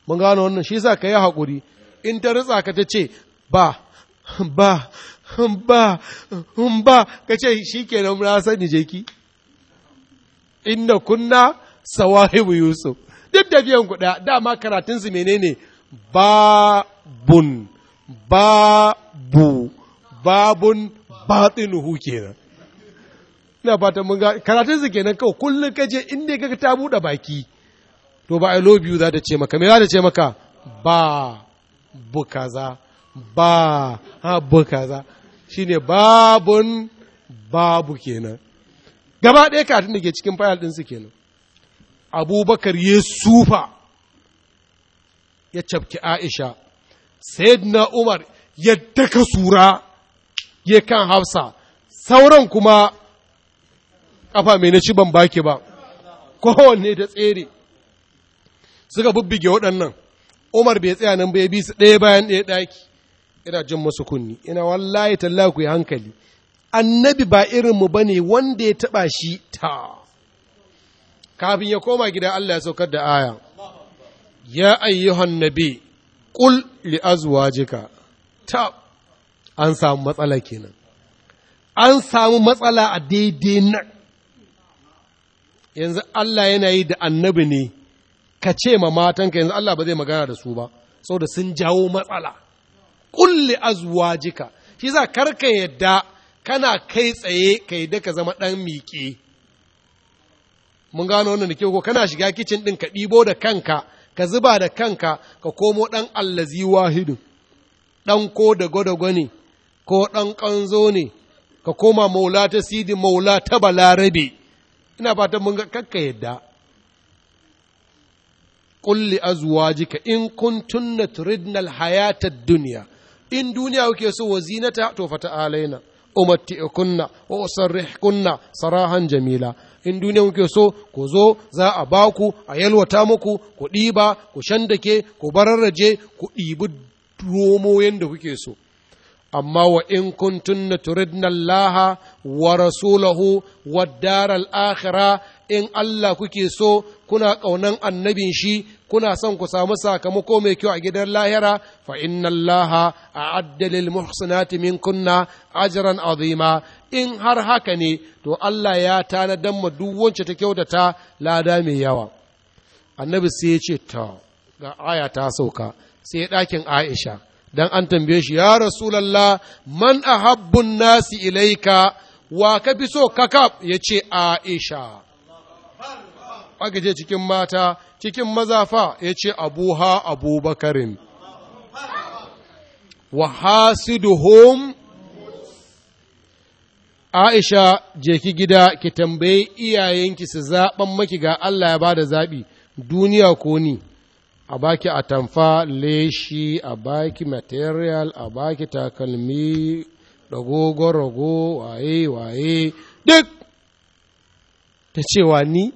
mun gano wannan shi sa ka yi haƙuri in ta ritsa ka ta ce ba ba ba ba ka ce shi ke nan na sani je ki inda kunna sawahibu yusuf duk da biyan kuɗa dama karatun su menene babun babu babun batinuhu kenan ina ta mun ga karatun su kenan kawai kullum ka je inda ka ta buɗe baki to ba I love you za ta ce maka me za ta ce maka ba bu kaza ba ha bu kaza Shi ne babun babu kenan gaba ɗaya katin da ke cikin fayal ɗinsu kenan abubakar ya sufa ya cafke aisha na umar ya daka sura ya kan hafsa sauran kuma ƙafa mai na ci ban baki ba kowanne da tsere suka bubbuge waɗannan umar bai tsaya nan ba ya bi su ɗaya bayan ɗaya ɗaki ina jin masu kunni ina wallahi talla ku yi hankali annabi ba irinmu ba ne wanda ya taɓa shi ta kafin ya koma gida Allah ya saukar da aya ya ayyuhan nabi kul li azwajika ta an samu matsala kenan an samu matsala a daidai nan yanzu Allah yana yi da annabi ne ka ce ma matanka yanzu Allah ba zai magana da su ba saboda sun jawo matsala kulli azwajika shi za karka yadda kana kai tsaye ka yadda ka zama ɗan miƙe mun gano wannan da ko kana shiga kicin ɗin ka ɗibo da kanka ka zuba da kanka ka komo ɗan allazi wahidu ɗan ko da gwadagwa ne ko ɗan ƙanzo ne ka koma maula ta sidi maula ta balarabe ina fatan mun ga kakka yadda kulli azwajika in kuntunna turidna alhayata ad duniya. in duniya kuke so wa zinata to fata alaina umatti'kunna wa usarrihkunna sarahan jamila in duniya kuke so ku zo za a baku a yalwata muku ku ɗiba ku shandake ku bararraje ku ɗibi romo yanda kuke so amma wa in kuntunna turidna Allah wa rasulahu wa daral akhira in Allah kuke so kuna kaunan annabin shi kuna son ku samu sakamako mai kyau a gidan lahira fa inna allaha a'adda lil muhsinati kunna ajran azima in har haka ne to Allah ya tanadan ma duk wacce ta kyautata lada mai yawa annabi sai ya ce ta ga aya ta sauka sai ɗakin Aisha dan an tambaye shi ya rasulallah man ahabbun nasi ilaika wa ka fi so kakab ya ce aisha aka ce cikin mata cikin mazafa fa ya ce abuha abubakarin wa hasiduhum Aisha je ki gida ki tambaye iyayenki su zaɓan maki ga Allah ya ba da zaɓi duniya ko ni a baki atamfa leshi a baki material a baki takalmi rago rago waye waye duk ta cewa ni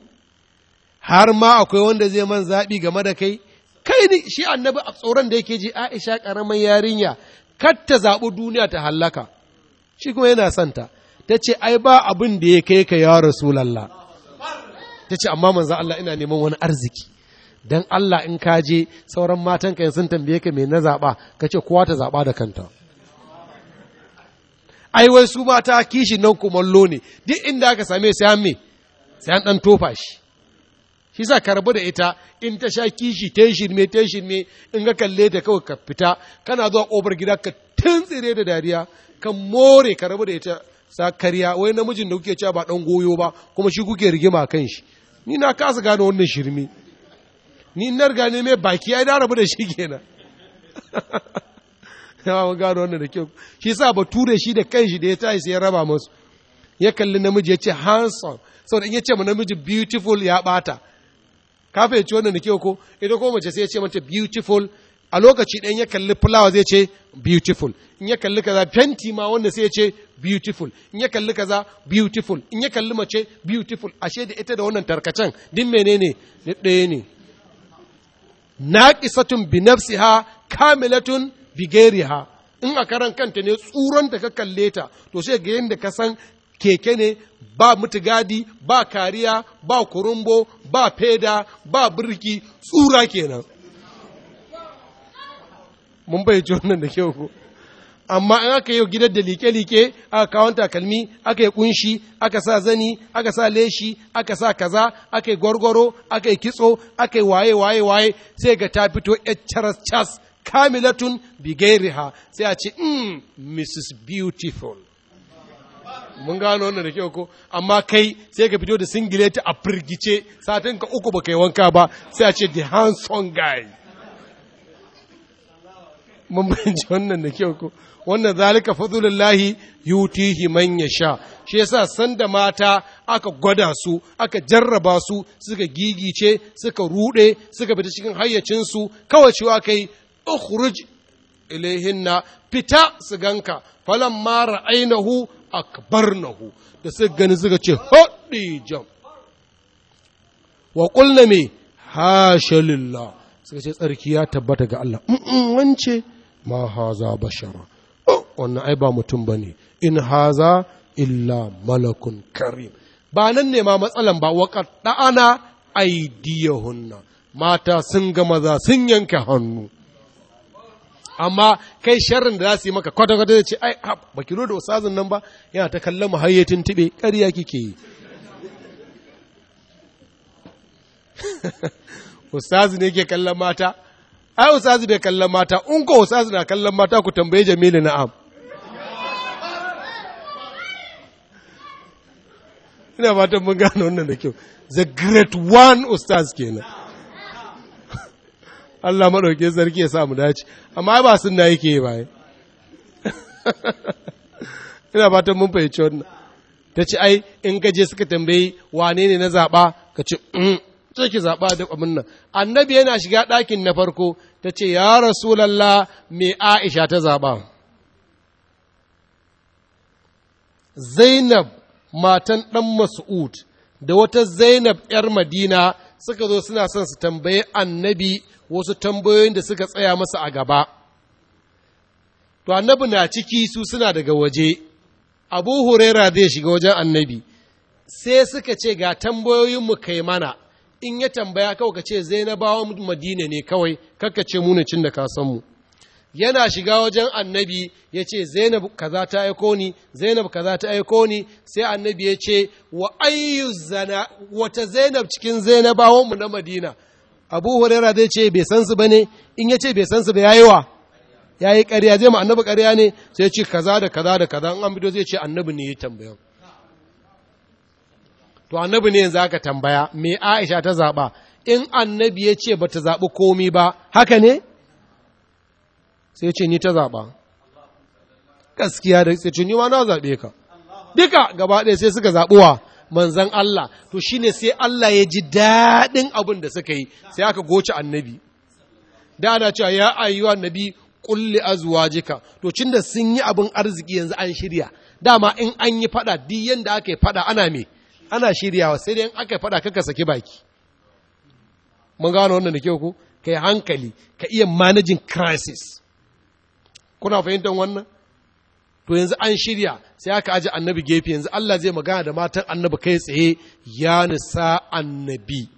har ma akwai wanda zai man zaɓi game da kai kai ne shi annabi a tsoron da yake ji aisha ƙaramin yarinya kar ta zaɓi duniya ta hallaka shi kuma yana santa ta ce ai ba abin da ya kai ka ya rasulallah ta ce amma manzo Allah ina neman wani arziki dan Allah in ka je sauran matan ka sun tambaye ka me na zaɓa ka ce kowa ta zaɓa da kanta ai wai su mata kishi nan kumallo ne duk inda aka same sai an me ɗan tofa shi shi sa ka rabu da ita in ta sha kishi ta shirme ta shirme in ka kalle ta kawai ka fita kana zuwa ƙofar gida ka tuntsire da dariya ka more ka rabu da ita sa kariya. wai namijin da kuke cewa ba ɗan goyo ba kuma shi kuke rigima kan shi ni na kasa gane wannan shirme ni na riga ne mai baki ai na rabu da shi kenan yawa gano wannan da kyau shi sa bature shi da kanshi da ya tashi sai ya raba musu ya kalli namiji ya ce sau da in ya ce ma namiji beautiful ya bata ka fahimci wannan da kyau ko ita ko mace sai ya ce mata beautiful a lokaci ɗan ya kalli fulawa zai ce beautiful in ya kalli kaza fenti ma wanda sai ya ce beautiful in ya kalli kaza beautiful in ya kalli mace beautiful ashe da ita da wannan tarkacen din menene ne ɗaya ne naqisatun bi nafsiha kamilatun bi ghairiha in a karan kanta ne tsuron da ka kalle ta to sai ga yadda ka san keke ne ba mutugadi ba kariya ba kurumbo ba feda ba birki tsura kenan mun ji wannan da kyau ko amma in aka yi gidan da like-like aka kawo takalmi aka yi kunshi aka sa zani aka sa leshi aka sa kaza aka yi gwargwaro aka yi kitso aka yi waye waye waye sai ga ta fito caras cas kamilatun bigairiha sai a ce mm, mrs beautiful mun gano wannan da kyau ko amma kai sai ka fito da singileti a firgice satin ka uku ba kai wanka ba sai a ce the handsome guy mun wannan da kyau ko wannan zalika fadlullahi yutihi man sha. shi yasa sanda mata aka gwada su aka jarraba su suka gigice suka rude suka fita cikin hayyacinsu, kawai cewa kai ukhruj ilaihinna fita su ganka mara ra'ainahu akbar nahu da sai gani suka ce haɗe jam wa ƙulla me suka ce tsarki ya tabbata ga Allah wance ma haza bashara oh, wannan ai ba mutum ba ne in haza illa malakun karim ba nan ne ma matsalan ba wa ɗa'ana aidiyahunna mata sun ga maza sun yanka hannu amma kai sharrin da za su yi maka kwata-kwata zai ce ai ba ki da wasazin nan ba yana ta kalla mu hayyacin tibe ƙarya kike yi ustazi yake ke kallon mata ai ustazi bai kallon mata in ko ustazi na kallon mata ku tambaye jamilu na'am ina fatan mun gane wannan da kyau the great one ustaz kenan Allah maɗauke sarki ya sa mu dace amma ba sunna yake ba ina fatan mun fahimci wannan ta ci ai in gaje suka tambayi wane ne na zaɓa ka ce sai mm, ki zaɓa da abin nan annabi yana shiga ɗakin na farko ta ce ya rasulallah me aisha ta zaɓa zainab matan ɗan mas'ud da wata zainab ‘yar madina suka zo suna son su tambaye annabi wasu tambayoyin da suka tsaya masa a gaba to annabi na ciki su suna daga waje abu huraira zai shiga wajen annabi sai suka ce ga tambayoyinmu kai mana in ya tambaya kawai ka ce zainabawan madina ne kawai kakka ce muna cin da ka san mu yana shiga wajen annabi ya ce zainab kaza ta aiko ni zainab kaza ta aiko ni sai annabi ya ce wa ayyuzana, wata zainab cikin zainabawanmu na madina abu huraira zai ce bai san su ba ne in ya ce bai san su ba ya yi wa Ya yi ƙarya zai ma annabi ƙarya ne sai ce kaza da kaza da kaza in an bido zai ce annabi ne ya tambaya to annabi ne yanzu aka tambaya me Aisha ta zaba in annabi ya ce bata zaɓi komi ba haka ne sai ce ni ta zaba gaskiya da sai ce ni ma na zabe ka duka gaba ɗaya sai suka zaɓuwa manzan Allah to shine sai Allah ya ji daɗin abin da suka yi sai aka goce annabi da ana cewa ya ayyuwa kulle kulli azwajika to cin da sun yi abin arziki yanzu an shirya dama in an yi fada duk yanda aka yi fada ana me ana shiryawa sai dai in aka yi fada kaka saki baki mun gano wannan da kyau ko kai hankali ka iya managing crisis kuna fahimtar wannan to yanzu an shirya sai aka aji annabi gefe yanzu Allah zai magana da matan annabi kai tsaye ya nisa annabi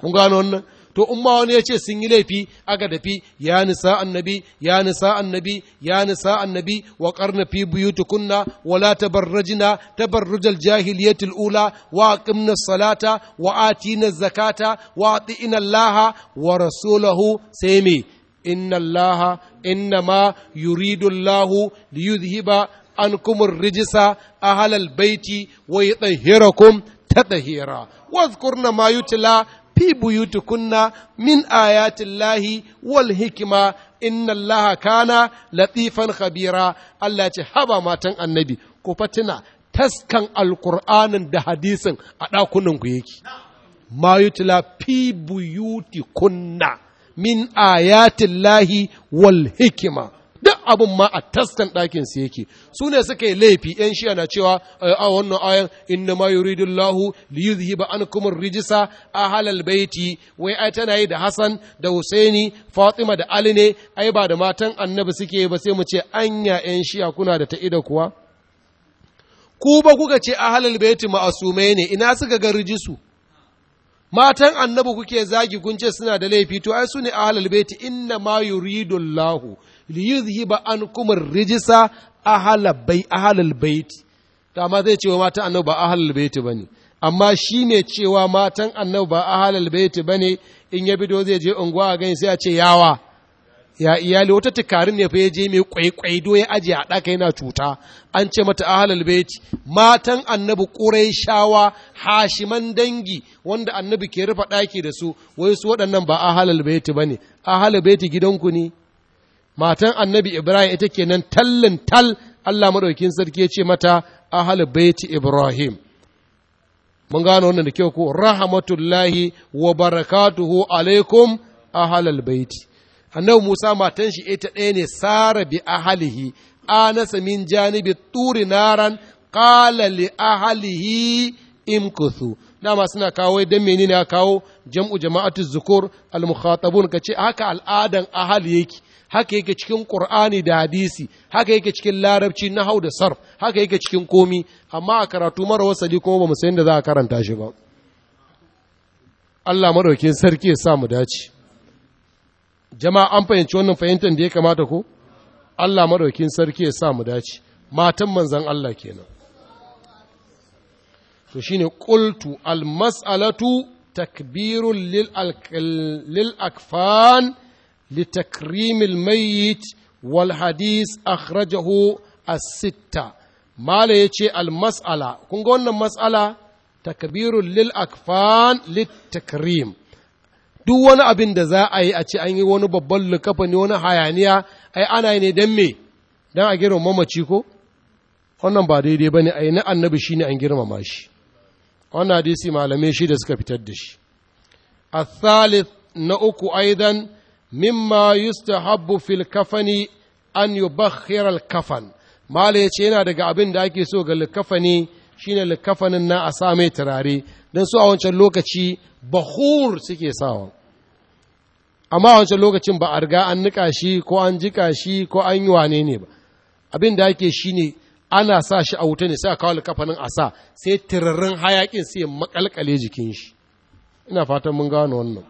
kun gano wannan to umma wani ya ce sun yi laifi aka dafi ya nisa annabi ya nisa annabi ya nisa annabi wa karna fi buyutukunna wala tabarrajna tabarrujal jahiliyatil ula wa aqimna salata wa atina zakata wa atina allaha wa rasulahu sai me inna innama yuridullahu yudhiba yuridu allahu liyudhiba ankum ar-rijsa ahla al-baiti wa yutahhirakum tatahira wadhkurna ma yutla min ayati llahi wal hikma inna kana latifan khabira Allah ce haba matan annabi ku fatina taskan alkur'anin da hadisin a ɗakunan ku yake ma yutla fi buyutikunna min lahi wal hikima duk abin ma a taskan ɗakin su yake su ne suka yi laifi yan shi'a na cewa a wannan ayan inna ma yuridullahu li yuzhiba ankum rijisa halal baiti wai ai tana yi da Hassan da Husaini Fatima da Ali ne ai ba da matan annabi suke ba sai mu ce anya yan shiya kuna da ta'ida kuwa ku ba kuka ce ahlal baiti ma'asumai ne ina suka ga rijisu matan annabi kuke zagi kunce suna da laifi to ai su ne ahlul baiti inna ma yuridu Allahu li yuzhiba ankum rijisa ahlal bai ahlul baiti to amma zai cewa matan annabi ba ahlul baiti bane amma shi ne cewa matan annabi ba ahlul baiti bane in ya bido zai je unguwa a gani sai ya ce yawa ya iyali wata tukarin ne fa ya je mai kwaikwaido ya ajiye a ɗaka yana cuta an ce mata ahalal baiti matan annabi ƙurai shawa hashiman dangi wanda annabi ke rufa ɗaki da su wai su waɗannan ba a ahalal baiti ba ne ahalal beci gidanku ne matan annabi ibrahim ita ke nan tallin tal allah maɗaukin sarki ya ce mata ahalal beci ibrahim mun gano wannan da kyau ko rahmatullahi wa barakatuhu alaikum ahalal baiti annabi Musa matan shi ita ɗaya ne sara bi ahalihi anasa min janibi turi naran qala li ahalihi imkuthu dama suna kawo dan menene ya kawo jam'u jama'atu zukur al mukhatabun kace haka al'adan ahali yake haka yake cikin Qur'ani da hadisi haka yake cikin larabci nahau da sarf haka yake cikin komi amma a karatu mara wasali kuma ba mu san da za a karanta shi ba Allah madaukin sarki ya sa mu dace jama'a an fahimci wannan fahimtar da ya kamata ko. Allah maɗaukin sarki ya sa mu dace matan manzan Allah kenan to shine qultu al mas'alatu takbirun lil lil akfan li mayyit wal hadith akhrajahu as sitta mala yace al mas'ala kun wannan mas'ala takbirun lil akfan duk wani abin da za a yi a ce an yi wani babban lukafa ne wani hayaniya ai ana yi ne don me don a girma mamaci ko wannan ba daidai ba ne a yi na annabi shi ne an girmama shi wannan hadisi malamai shi da suka fitar da shi a thalith na uku aidan mimma habu fil kafani an ba al kafan mala ya ce yana daga abin da ake so ga likafani shine likafanin na a sa mai turare don su a wancan lokaci bahur suke sawa amma wancan lokacin ba a riga an nika shi ko an jika shi ko an yi wane ne ba abin da ake shi ne ana sa shi a wuta ne sai a kawo kafanin a sa sai tirarin hayakin sai makalkale jikin shi ina fatan mun gano wannan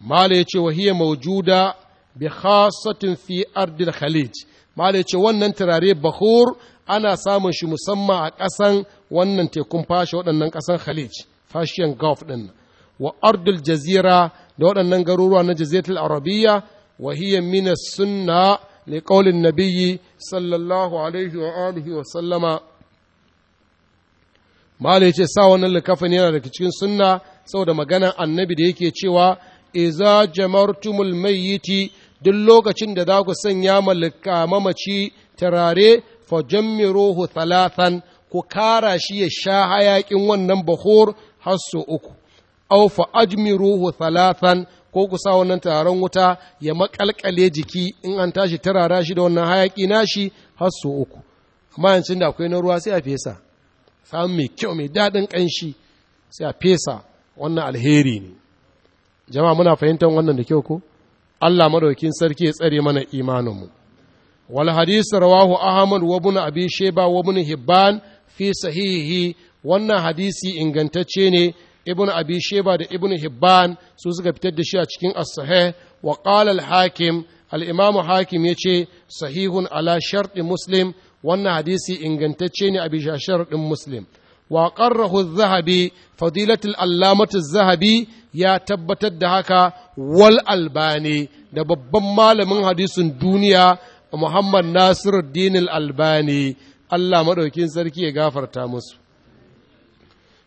mala ce wa hiya mawjuda bi khasatin fi ardil khalij mala ce wannan turare bahur ana samun shi musamman a ƙasan wannan tekun fashe waɗannan ƙasan khalij fashiyan gulf ɗin nan wa ardul jazira da waɗannan garuruwa na jazirtul Arabiya, wa hiya min sunna li qaulin nabiyyi sallallahu alaihi wa alihi wa sallama malai ce sa wannan likafin yana daga cikin sunna saboda maganan annabi da yake cewa iza jamartumul mayyiti duk lokacin da za ku sanya malika mamaci tarare fa jammiruhu thalathan ku kara shi ya sha hayakin wannan bahor har uku au fa ajmiruhu thalathan ko ku sa wannan taron wuta ya makalkale jiki in an tashi tarara shi da wannan hayaki nashi har so uku amma yancin da akwai na ruwa sai a fesa samun mai kyau mai daɗin kanshi sai a fesa wannan alheri ne jama'a muna fahimtar wannan da kyau ko Allah madaukin sarki ya tsare mana imaninmu wal hadis rawahu ahmad wa ibn abi shayba wa ibn hibban fi sahihi wannan hadisi ingantacce ne ibn abi sheba da ibn hibban su suka fitar da shi a cikin as-sahih wa qala al-hakim al-imamu hakim yace sahihun ala shartin muslim wannan hadisi ingantacce ne a bisa shartin muslim wa qarrahu az-zahabi fadilatul allamatu az-zahabi ya tabbatar da haka wal albani da babban malamin hadisin duniya Muhammad Nasiruddin al-Albani Allah madaukin sarki ya gafarta musu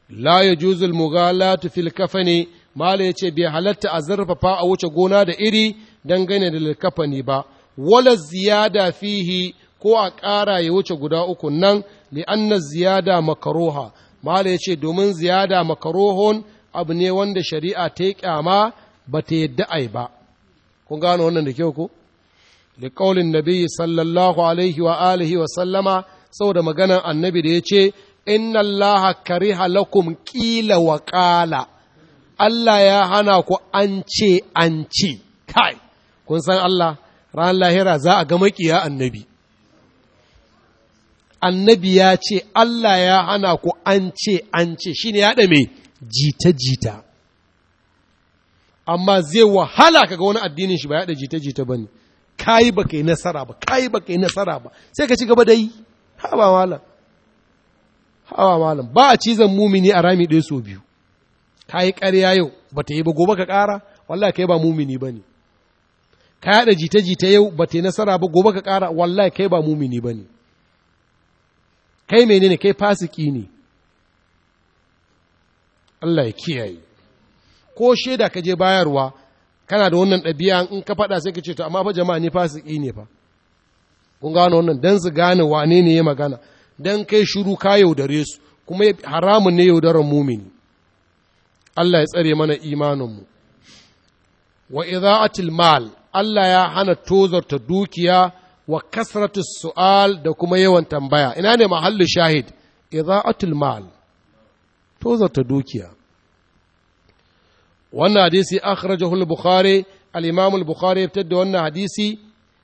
la ya juzul mughalatu fil kafani mala ce bai halatta a zarfafa a wuce gona da iri dangane da likafani ba wala ziyada fihi ko a ƙara ya wuce guda uku nan na ziyada makaroha mala ce domin ziyada makarohon abu ne wanda shari'a ta yi kyama ba ta yadda ai ba kun gano wannan da kyau ko liqaulin nabiyyi sallallahu alaihi wa alihi wa sallama saboda maganan annabi da yace inna Allah kariha lakum ƙila wa ƙala, Allah ya hana ku an ce an ce, kai, kun san Allah, ran lahira za a ga maƙiya annabi. Annabi ya ce, Allah ya hana ku an ce an ce, shi ne yaɗa mai jita-jita. Amma zai wahala kaga wani addinin shi ba yaɗa jita-jita ba ne, kayi ba ka yi nasara ba, kayi ba ka yi nasara ba, sai ka ci gaba da yi, ha ba malam. hawa malam ba a cizon mumini a rami ɗaya so biyu ka yi ƙarya yau ba ta yi ba gobe ka ƙara wallahi kai ba mumini ba ne ka yaɗa jita-jita yau ba ta yi nasara ba gobe ka ƙara wallahi kai ba mumini ba ne kai menene kai fasiki ne Allah ya kiyaye ko shaida ka je bayarwa kana da wannan ɗabi'a in ka faɗa sai ka ce to amma fa jama'a ni fasiki ne fa kun gano wannan dan su gane wane ne ya magana don kai shiru ka yaudare su kuma haramun ne yaudarar mumini Allah ya tsare mana imaninmu wa iza'atil mal Allah ya hana tozarta dukiya wa kasratu su'al da kuma yawan tambaya ina ne mahallu shahid iza'atul mal tozarta dukiya wannan hadisi akhrajahu bukhari al-imam al-bukhari ya fitar da wannan hadisi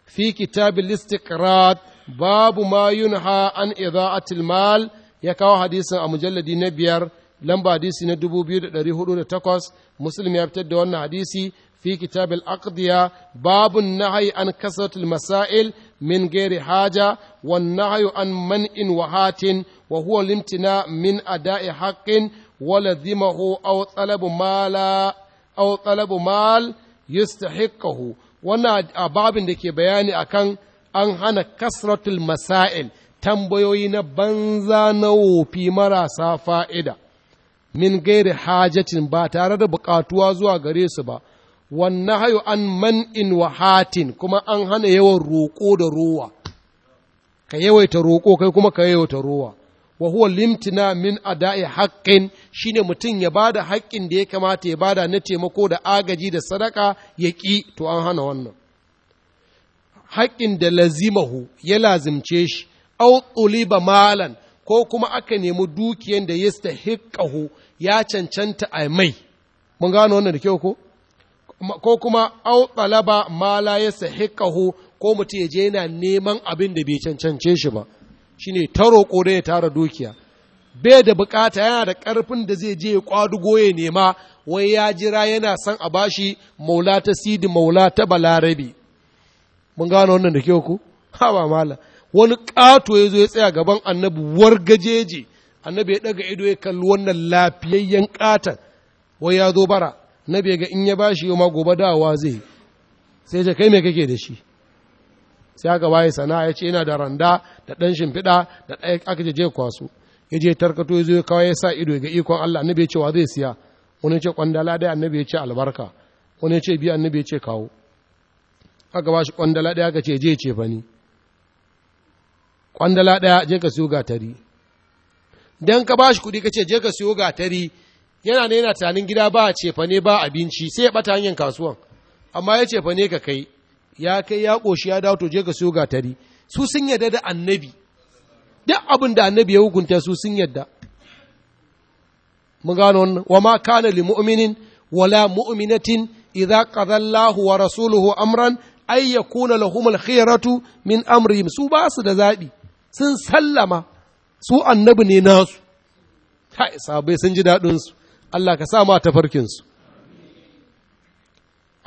fi kitab istiqrat babu ma yunha an idha'atil mal ya kawo hadisin a mujalladi na biyar lamba hadisi na dubu biyu da ɗari hudu da takwas muslim ya fitar da wannan hadisi fi kitabil aqdiya babun nahyi an kasratul masail min gairi haja wan nahyu an man'in wa hatin wa limtina min ada'i haqqin wa ladhimahu aw talabu mala aw talabu mal yastahiqahu wannan babin da ke bayani akan an hana kasratul masail tambayoyi na banza na wofi marasa fa'ida min gairi hajacin ba tare da buƙatuwa zuwa gare su ba wanne hayo an man'in wa hatin kuma an hana yawan roƙo da ruwa ka yawaita roƙo kai kuma ka yawaita rowa wa huwa limtina min ada'i haƙƙin shine mutum ya bada haƙƙin da ya kamata ya bada na taimako da agaji da sadaka ya ƙi to an hana wannan haƙƙin da lazimahu ya lazimce shi au ba malan ko kuma aka nemi dukiyan da ya stahiqqahu ya cancanta a mai mun gano wannan da kyau ko ko kuma au ba mala ya sahiqahu ko mutum ya je yana neman abin da bai cancance shi ba shine ta roƙo da ya tara dukiya Be da bukata yana da ƙarfin da zai je ya kwadugo ya nema wai ya jira yana son a bashi maula ta sidi maula ta balarabi mun gano wannan da kyau ku ha ba mala wani ƙato ya zo ya tsaya gaban annabi wargajeje annabi ya daga ido ya kalli wannan lafiyayyen ƙatan wai ya zo bara nabi ga in ya ba shi yau ma gobe dawa zai sai ce kai me kake da shi sai aka bayi sana'a ya ce yana da randa da ɗan shimfiɗa da ɗaya aka je je kwaso ya je tarkato ya zo ya kawai ya sa ido ga ikon Allah annabi ya ce wa zai siya wani ya ce kwandala dai annabi ya ce albarka wani ya ce biya annabi ya ce kawo aka ba shi ƙwandala ɗaya aka ce je ce ni ƙwandala ɗaya je ka siyo gatari don ka ba shi kuɗi ka ce je ka siyo gatari yana ne yana tanin gida ba a ce fane ba abinci sai ya ɓata hanyar kasuwan amma ya ce fane ka kai ya kai ya ƙoshi ya dawo to je ka siyo gatari su sun yarda da annabi duk abin da annabi ya hukunta su sun yarda mun gano wannan wa ma kana li mu'minin wala mu'minatin idza qadallahu wa rasuluhu amran ay yakuna lahum al-khiyaratu min amrihim su ba su da zabi sun sallama su annabi ne nasu kai bai sun ji dadin su Allah ka sa ma tafarkin su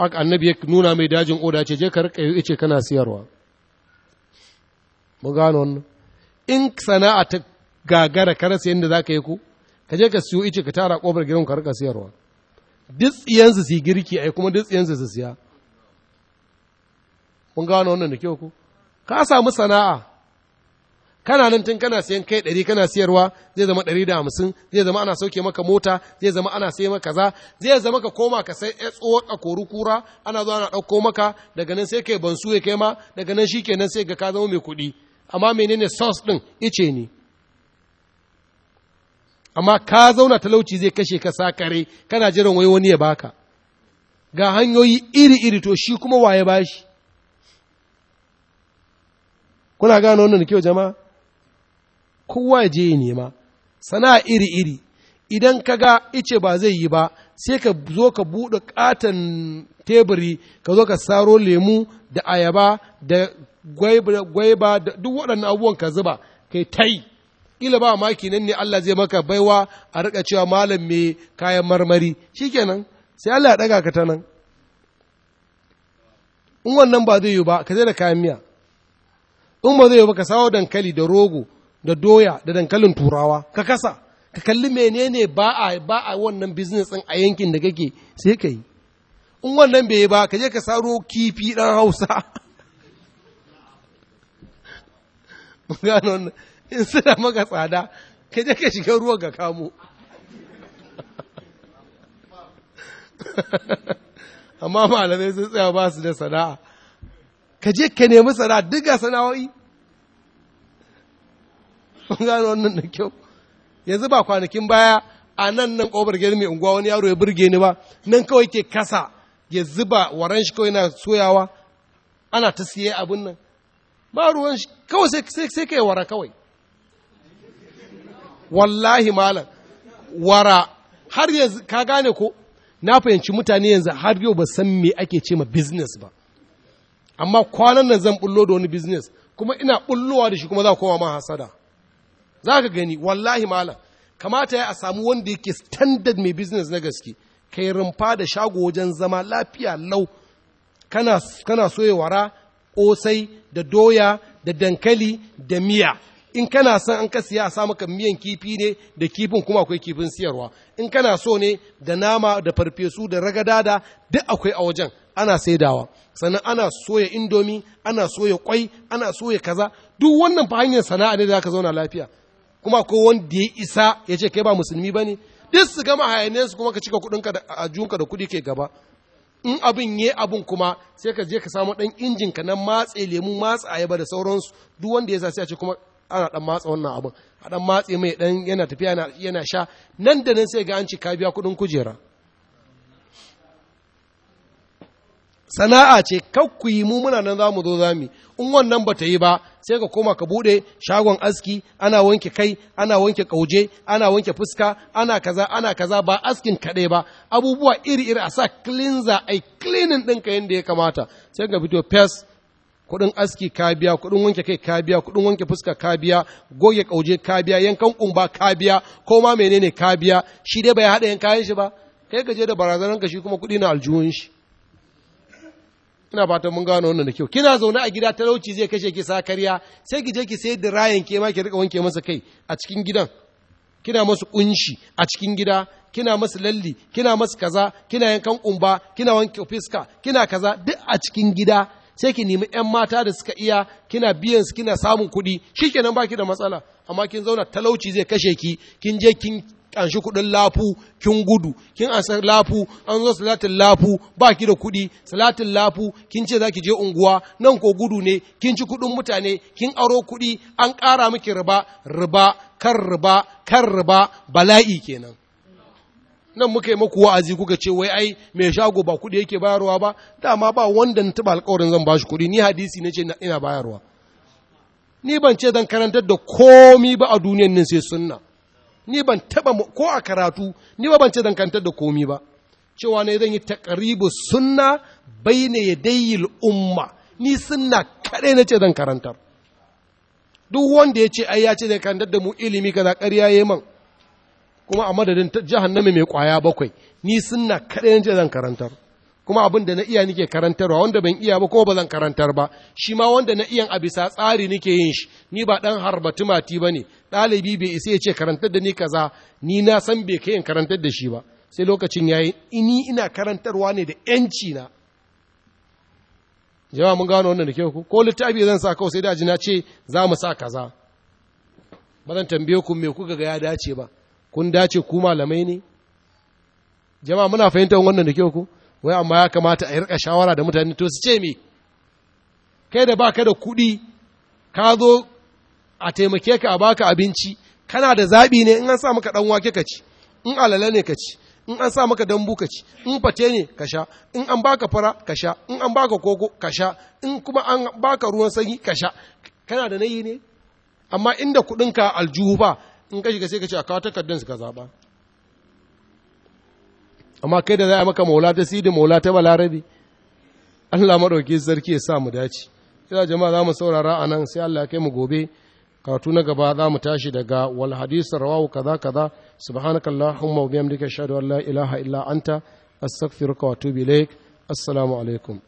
ak annabi ya nuna mai dajin oda ce je ka rika yi ce kana siyarwa Mu gano wannan in sana'a ta gagara ka rasa yadda za ka yi ko? ka je ka siyo ice ka tara kofar gidan ka rika siyarwa duk su yi girki ai kuma duk su siya kun gano wannan da kyau ku ka samu sana'a kana nan tun kana siyan kai ɗari kana siyarwa zai zama ɗari da hamsin zai zama ana sauke maka mota zai zama ana sai maka kaza zai zama ka koma ka sai ya tsohon a kori kura ana zuwa ana ɗauko maka daga nan sai kai bansu ya kai ma daga nan shi kenan sai ga ka zama mai kuɗi amma menene sauce ɗin ice ne amma ka zauna talauci zai kashe ka sakare kana jiran wai wani ya baka ga hanyoyi iri-iri to shi kuma waye bashi kuna gano wannan da kyau jama'a kowa je ya nema sana'a iri-iri idan ka ga ice ba zai yi ba sai ka zo ka buɗe ƙaton teburi ka zo ka saro lemu da ayaba da gwaiba da duk waɗannan abubuwan ka zuba kai yi ƙila ba maki nan ne Allah zai maka baiwa a riƙa cewa malam mai kayan marmari shi shikenan sai Allah ya ɗaga ka ta nan in wannan ba zai yi ba ka zai da kayan miya in ba zai ba ka sawo dankali da rogo da doya da dankalin turawa ka kasa ka kalli menene ba a ba a wannan business din a yankin da kake sai ka yi in wannan bai ba ka je ka saro kifi dan Hausa gano in suna maka tsada ka je ka shiga ruwa ka kamo amma malamai sun tsaya ba su da sana'a ka je ka nemi sana'a duk ga sana'o'i kun gano wannan da kyau yanzu ba kwanakin baya a nan nan ƙofar gani mai unguwa wani yaro ya burge ni ba nan kawai ke kasa ya zuba waran shi kawai na soyawa ana ta siye abin nan ba ruwan shi kawai sai ka kai wara kawai wallahi malam wara har yanzu ka gane ko na fahimci mutane yanzu har yau ba san me ake ce ma business ba amma kwanan nan zan bullo da wani business kuma ina bullowa da shi kuma za koma ma hasada za ka gani wallahi mala. kamata ya a samu wanda yake standard mai business na gaske Ka yi rumfa da shago wajen zama lafiya lau kana, kana soya wara ƙosai da doya da dankali da miya in kana son an ka siya a sa maka miyan kifi ne da kifin kuma akwai kifin siyarwa in kana so ne da nama da farfesu da ragadada duk akwai a wajen ana saidawa sannan ana soya indomi ana soya kwai ana soya kaza duk wannan fa hanyar sana'a ne da aka zauna lafiya kuma ko wanda ya isa ya ce kai ba musulmi ba ne duk su gama hayaniyar su kuma ka cika kuɗinka da ajiyunka da kuɗi ke gaba in abin ya abun kuma sai ka je ka samu dan injin ka na matse lemu matsa ayaba da sauransu duk wanda ya sa sai a ce kuma ana ɗan matsa wannan abin a ɗan matse mai dan yana tafiya yana sha nan da nan sai ga an ci ka biya kuɗin kujera sana'a ce kakku yi mu muna nan zamu zo zami in wannan ta yi ba sai ka koma ka bude shagon aski ana wanke kai ana wanke kauje ana wanke fuska ana kaza ana kaza ba askin kaɗai ba abubuwa iri iri a sa cleanser ai cleaning ɗinka yadda ya kamata sai ka fito fes kuɗin aski ka biya kuɗin wanke kai ka biya kuɗin wanke fuska ka biya goge kauje ka biya yankan kumba ka biya ko ma menene ka biya shi dai bai haɗa yan kayan shi ba kai ka je da barazanar ka shi kuma kuɗi na aljuhun shi ina fatan mun gano wannan da kyau kina zaune a gida talauci zai kashe ki sakarya sai ki je ki sayar da rayan ke ma ki rika wanke masa kai a cikin gidan kina masu kunshi a cikin gida kina masu lalli kina masu kaza kina yankan kumba kina wanke fiska kina kaza duk a cikin gida sai ki nemi yan mata da suka iya kina biyan su kina samun kuɗi shikenan baki da matsala amma kin zauna talauci zai kashe ki kin je kin kanshi kuɗin lafu kin gudu kin ansa lafu an zo salatin lafu ba ki da kuɗi salatin lafu kin ce zaki je unguwa nan ko gudu ne kin ci kuɗin mutane kin aro kuɗi an kara miki riba riba kan riba kan riba bala'i kenan nan muka muku maku wa'azi kuka ce wai ai mai shago ba kuɗi yake bayarwa ba dama ba wanda na taɓa alƙawarin zan bashi kuɗi ni hadisi na ce ina bayarwa ni ban ce zan karantar da komi ba a duniyan nan sai sunna ni ban taba ko a karatu ni ba ban ce dankantar da komi ba cewa ne zan yi taqribu sunna baina yadayil umma ni sunna kare na ce zan karantar duk wanda ya ce ai ya ce zai karantar da mu ilimi kaza ƙarya yayi man kuma a madadin jahannami mai kwaya bakwai ni sunna kare na ce zan karantar kuma abin da na iya nike karantarwa wanda ban iya ba ko ba zan karantar ba shi ma wanda na iyan a bisa tsari nike yin shi ni ba dan harbatu mati ba ne ɗalibi bai isa ya ce karantar da ni kaza ni na san bai kai in karantar da shi ba sai lokacin yayi ini ina karantarwa ne da yanci na jama'a mun gano wannan da ke ku ko littafi zan sa kawai sai da na ce za mu sa kaza ba zan tambaye ku me kuka ga ya dace ba kun dace ku malamai ne jama'a muna fahimtar wannan da ke ku wai amma ya kamata a rika shawara da mutane to su ce me kai da baka da kuɗi ka zo a taimake ka a baka abinci kana da zaɓi ne in an sa maka ɗan wake ka ci in alale ne ka ci in an sa maka dambu ka ci in fate ne ka sha in an baka fara ka sha in an baka koko ka sha in kuma an baka ruwan sanyi ka sha kana da nayi ne amma inda kuɗinka aljuhu ba in ka shiga sai ka ce a kawo su ka zaɓa amma kai da za a maka maula ta sidi maula ta balarabi Allah maɗauki sarki ya sa mu dace ina jama'a za mu saurara a nan sai Allah ya kai mu gobe karatu na gaba za mu tashi daga wal hadisi rawahu kaza kaza subhanakallahumma wa bihamdika ashhadu an la ilaha illa anta astaghfiruka wa atubu ilaik assalamu alaikum